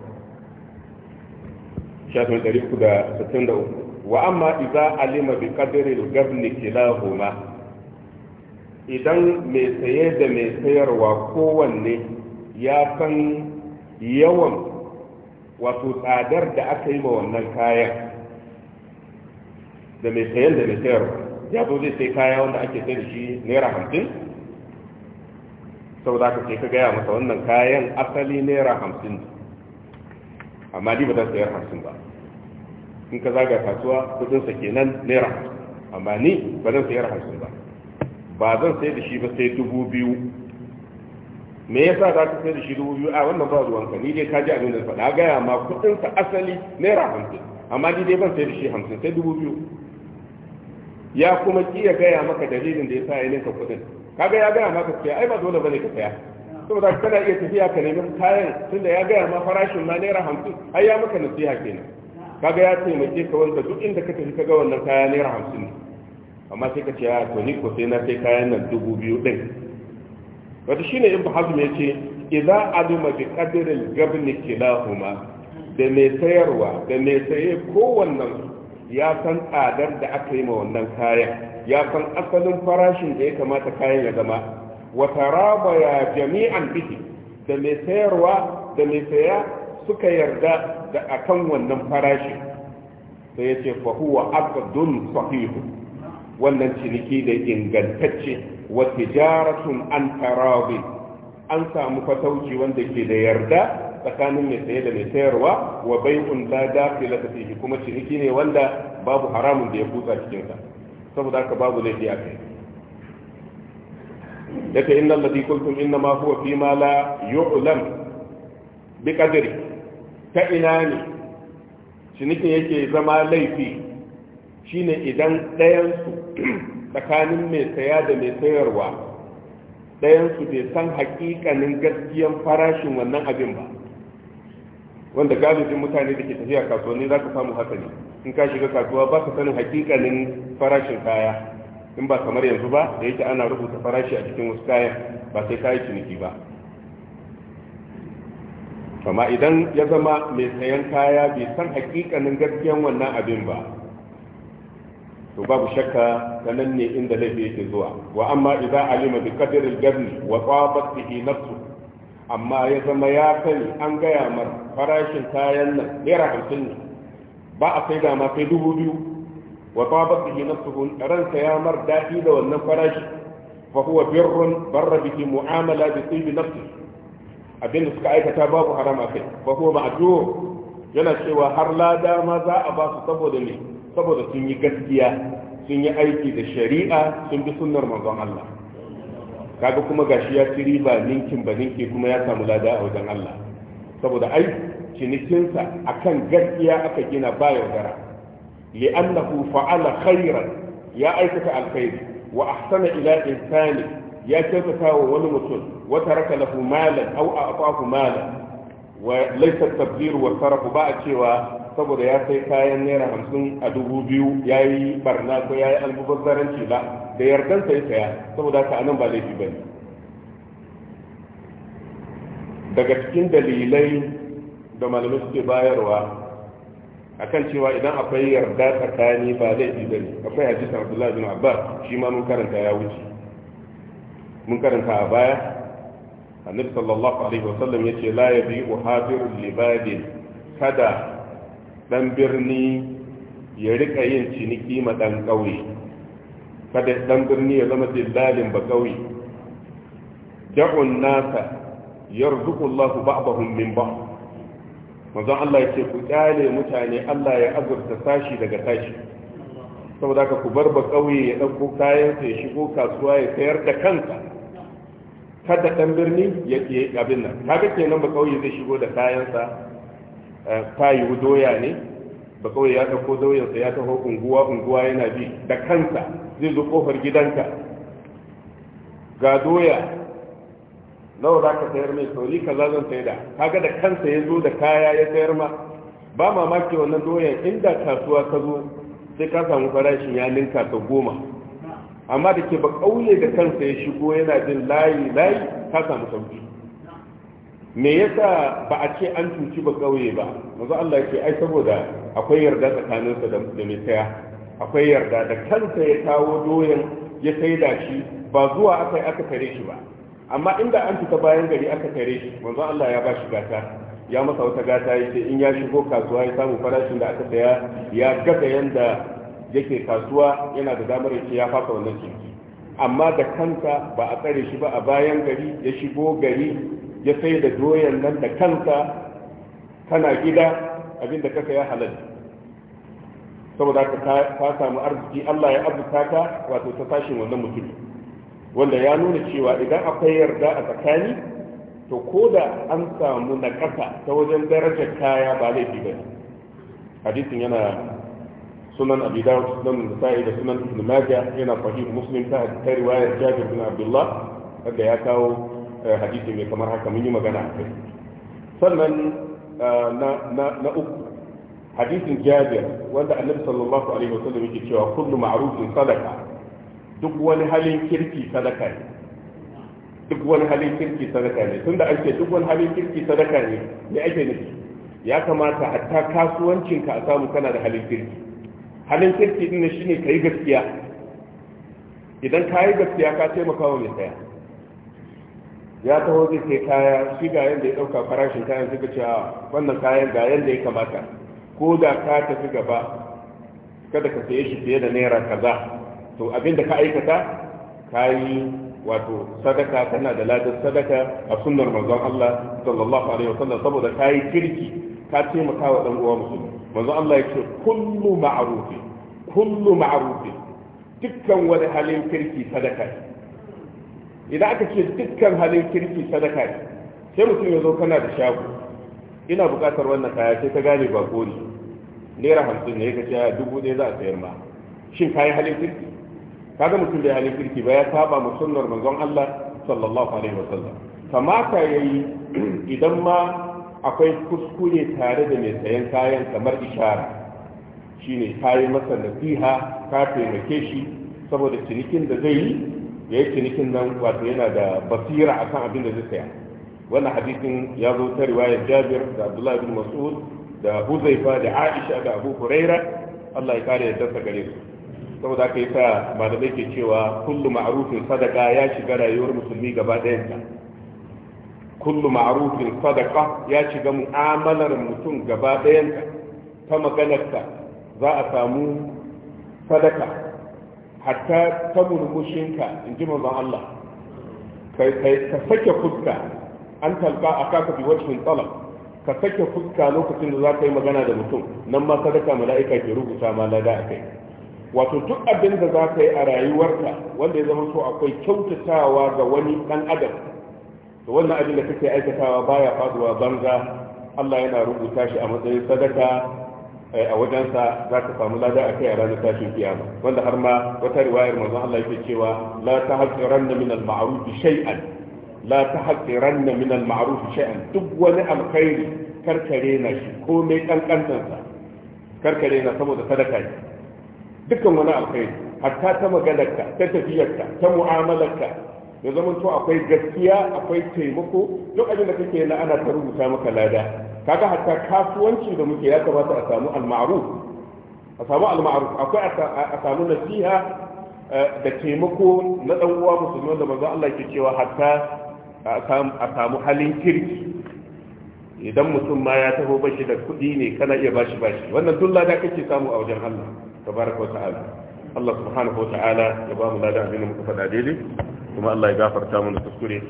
shafin 363 wa amma idza alima bi qadri al-gabni kilahuma idan mai saye da mai sayarwa kowanne ya san yawan wato tsadar da aka yi ma wannan kayan da mai sayan da mai sayarwa ya zo zai sai kaya wanda ake sai da shi naira hamsin saboda haka sai ka gaya masa wannan kayan asali naira hamsin amma ni ba zan sayar hamsin ba in ka zaga kasuwa kudinsa kenan naira hamsin amma ni ba zan sayar hamsin ba ba zan sayar da shi ba sai dubu biyu me yasa za ka sayar da shi dubu biyu a wannan ba ruwanka ni dai ka ji abin da faɗa gaya ma kudinsa asali naira hamsin amma ni dai ban sayar da shi hamsin sai dubu biyu ya kuma kiya gaya maka dalilin da ya sa ya ninka kudin. kaga ya gaya maka siya ai ba dole bane ka saya saboda kana iya tafiya ka nemi kayan tunda ya gaya ma farashin ma naira hamsin ai ya maka nasiha kenan kaga ya taimake ka wanda duk inda ka tafi kaga wannan kaya naira hamsin ne amma sai ka ce a ah, to ni ko sai na sai kayan nan dubu biyu ɗin wata shine in hazm ya ce idan aduma bi qadri al-gabn kilahuma da mai sayarwa da mai saye kowannen su ya san tsadar da aka yi ma wannan kayan ya san asalin farashin da ya kamata kayan ya zama Wata taraba ya jami'an biki da mai sayarwa da mai saya suka yarda da akan wannan farashin sai ya ce fa huwa sahihu wannan ciniki da ingantacce wata tijaratun an tarabi an samu fatauci wanda ke da yarda tsakanin mai saye da mai sayarwa wa bai'un la dafila fihi kuma ciniki ne wanda babu haramun da ya kusa cikin sa saboda haka babu laifi a kai yake inna alladhi kuntum inna ma huwa fi ma la yu'lam bi qadri ta ina ne cinikin yake zama laifi shine idan ɗayan su tsakanin mai saya da mai sayarwa ɗayan su bai san hakikanin gaskiyan farashin wannan abin ba wanda galibin mutane da ke tafiya kasuwanni za ka samu haka ne in ka shiga kasuwa ba ka sanin hakikalin farashin kaya in ba kamar yanzu ba da yake ana rubuta farashi a cikin wasu kayan ba sai kayi ciniki ba amma idan ya zama mai sayan kaya bai san hakikalin gaskiyan wannan abin ba to babu shakka ka nan ne inda laifi yake zuwa wa amma idan alima bi kadirin al wa tabat bihi amma ya zama ya sani an gaya mar farashin kayan nan naira hamsin ne ba a sai dama sai dubu biyu wa tabat na nafsuhu ransa ya mar daɗi da wannan farashi fa huwa birrun barra bihi mu'amala bi tibi nafsi abinda suka aikata babu harama kai fa huwa yana cewa har lada ma za a ba su saboda ne saboda sun yi gaskiya sun yi aiki da shari'a sun bi sunnar manzon Allah kaga kuma gashi ya ci riba ninkin ba ninki kuma ya samu lada a wajen Allah saboda ai cinikinsa akan gaskiya aka gina ba yaudara li'annahu fa'ala khairan ya aikata alkhairi wa ahsana ila insani ya kyautata wa wani mutum wa taraka lahu malan aw a'tahu malan wa laysa at-tabdir wa ba a cewa saboda ya sai kayan naira hamsin a dubu biyu ya yi barna ko ya yi ba da yardansa ya saya saboda haka anan ba laifi bane daga cikin dalilai da malamai suke bayarwa akan cewa idan akwai yarda tsakani ba laifi bane akwai hadisin Abdullah bin Abbas shi ma mun karanta ya wuce mun karanta a baya annabi sallallahu alaihi wasallam yace la yabi'u hadirul libadin kada dan birni ya rika yin ciniki ma dan kauye kada dan birni ya zama dillalin ba kauye da'un nasa yarzuqu Allahu ba'dahum min ba. manzon Allah yake ku kyale mutane Allah ya azurta sashi daga sashi saboda ka ku bar ba kauye ya dauko kayan sa ya shigo kasuwa ya sayar da kansa kada dan birni ya ke abin nan kaga kenan ba kauye zai shigo da kayan sa fayi eh, doya ne ba kauye ya dauko doyarsa ya taho unguwa unguwa yana bi da kansa zai zo kofar gidanka ga doya nawa za ka sayar mai sauri ka za zan sayar da kaga da kansa ya zo da kaya ya sayar ma ba mamaki wannan doyan inda kasuwa ka zo sai ka samu farashin ya ninka ta goma amma da ke ba ƙauye da kansa ya shigo yana jin layi layi ka samu sauki me yasa ba a ce an cuci ba ƙauye ba maza Allah ke ai saboda akwai yarda tsakaninsa da mai saya akwai yarda da kansa ya kawo doyan ya saida shi ba zuwa aka yi aka tare shi ba amma inda an fita bayan gari aka tare shi manzon Allah ya ba shi gata ya masa wata gata ya ce in ya shigo kasuwa ya samu farashin da aka saya ya gasa yanda yake kasuwa yana da damar yace ya fasa wannan ciki amma da kansa ba a tsare shi ba a bayan gari ya shigo gari ya sai da doyan nan da kansa kana gida abinda kaka ya halatta saboda ka ka samu arziki Allah ya abuta ka wato ta tashin wannan mutum wanda ya nuna cewa idan akwai yarda a tsakani to ko da an samu na ƙasa ta wajen darajar kaya ba laifi ba hadisin yana sunan abi sunan nasa'i da sunan ibn majah yana sahih muslim ta ta riwayar jabir bin abdullah wanda ya kawo eh, hadisi mai kamar haka mun yi magana a kai sannan eh, na uku hadisin jabir wanda annabi sallallahu alaihi wasallam yake cewa kullu ma'rufin sadaka duk wani halin kirki sadaka ne duk wani halin kirki sadaka ne tunda ake duk wani halin kirki sadaka ne me ake nufi ya kamata hatta kasuwancinka a samu kana da halin kirki halin kirki din shine kai gaskiya idan ka yi gaskiya ka taimaka wa mai saya ya taho zai kai kaya shi ga yadda ya ɗauka farashin kayan suka ce a wannan kayan ga yadda ya kamata ko da ka tafi gaba kada ka saye shi fiye da naira kaza to abin da ka aikata ka yi wato sadaka tana da ladar sadaka a sunnar manzon Allah sallallahu alaihi sallam saboda ka yi kirki ka taimaka wa dan uwa musulmi manzon Allah ya ce kullu ma'rufi kullu ma'rufi dukkan wani halin kirki sadaka idan aka ce dukkan halin kirki sadaka sai mutum ya zo kana da shago ina buƙatar wannan kaya sai ka gane ba ko naira hamsin ne ka ciya dubu ɗaya za a sayar ma shin ka yi halin kirki ga mutum da halin kirki ba ya saba mu sunnar manzon Allah sallallahu alaihi wa sallam. kamata yayi idan ma akwai kuskure tare da mai sayan kayan kamar ishara shine yi masa nasiha ka taimake shi saboda cinikin da zai yi ya yi cinikin nan wato yana da basira akan abin da zai saya wannan hadisin ya zo ta riwayar jabir da abdullahi bin mas'ud da huzaifa da aisha da abu huraira allah ya kare yadda gare su saboda aka yi sa malamai ke cewa kullu ma'arufin sadaka ya shiga rayuwar musulmi gaba ɗayanta kullu ma'arufin sadaka ya shiga mu'amalar mutum gaba ɗayanta ta maganarsa za a samu sadaka hatta ta murmushinka in ji mazan Allah ka sake fuska an a akaka bi wajhin talab ka sake fuska lokacin da za ka yi magana da mutum nan ma sadaka mala'ika ke rubuta ma lada a kai wato duk abin da za ka yi a rayuwarka wanda ya zama so akwai kyautatawa ga wani dan adam to wannan abin da kake aikatawa baya faduwa banza Allah yana rubuta shi a matsayin sadaka eh, a wajensa za ka samu lada a kai a ranar tashin kiyama wanda har ma wata riwayar manzon Allah yake cewa la tahqiranna min al-ma'ruf shay'an la tahqiranna min al-ma'ruf shay'an duk wani alkhairi karkare na shi komai kankantansa karkare na saboda sadaka ne dukkan wani alkhairi hatta ta maganarka ta ta mu'amalarka ya zama to akwai gaskiya akwai taimako duk abin da kake na ana ta rubuta maka lada kaga hatta kasuwanci da muke ya kamata a samu al-ma'ruf a samu al-ma'ruf akwai a samu nasiha da taimako na dan uwa musulman da manzo Allah ke cewa hatta a samu halin kirki idan mutum ma ya taho bashi da kuɗi ne kana iya bashi bashi wannan duk lada kake samu a wajen Allah tabaraka ta'ala Allah subhanahu wa ya ba mu lada abin da muka faɗa daidai kuma Allah ya gafarta mana kuskure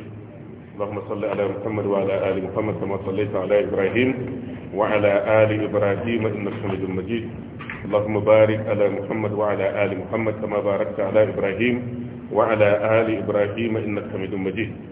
اللهم صل على محمد وعلى آل محمد كما صليت على إبراهيم وعلى آل إبراهيم إنك حميد مجيد اللهم بارك على محمد وعلى آل محمد كما باركت على إبراهيم وعلى آل إبراهيم إنك حميد مجيد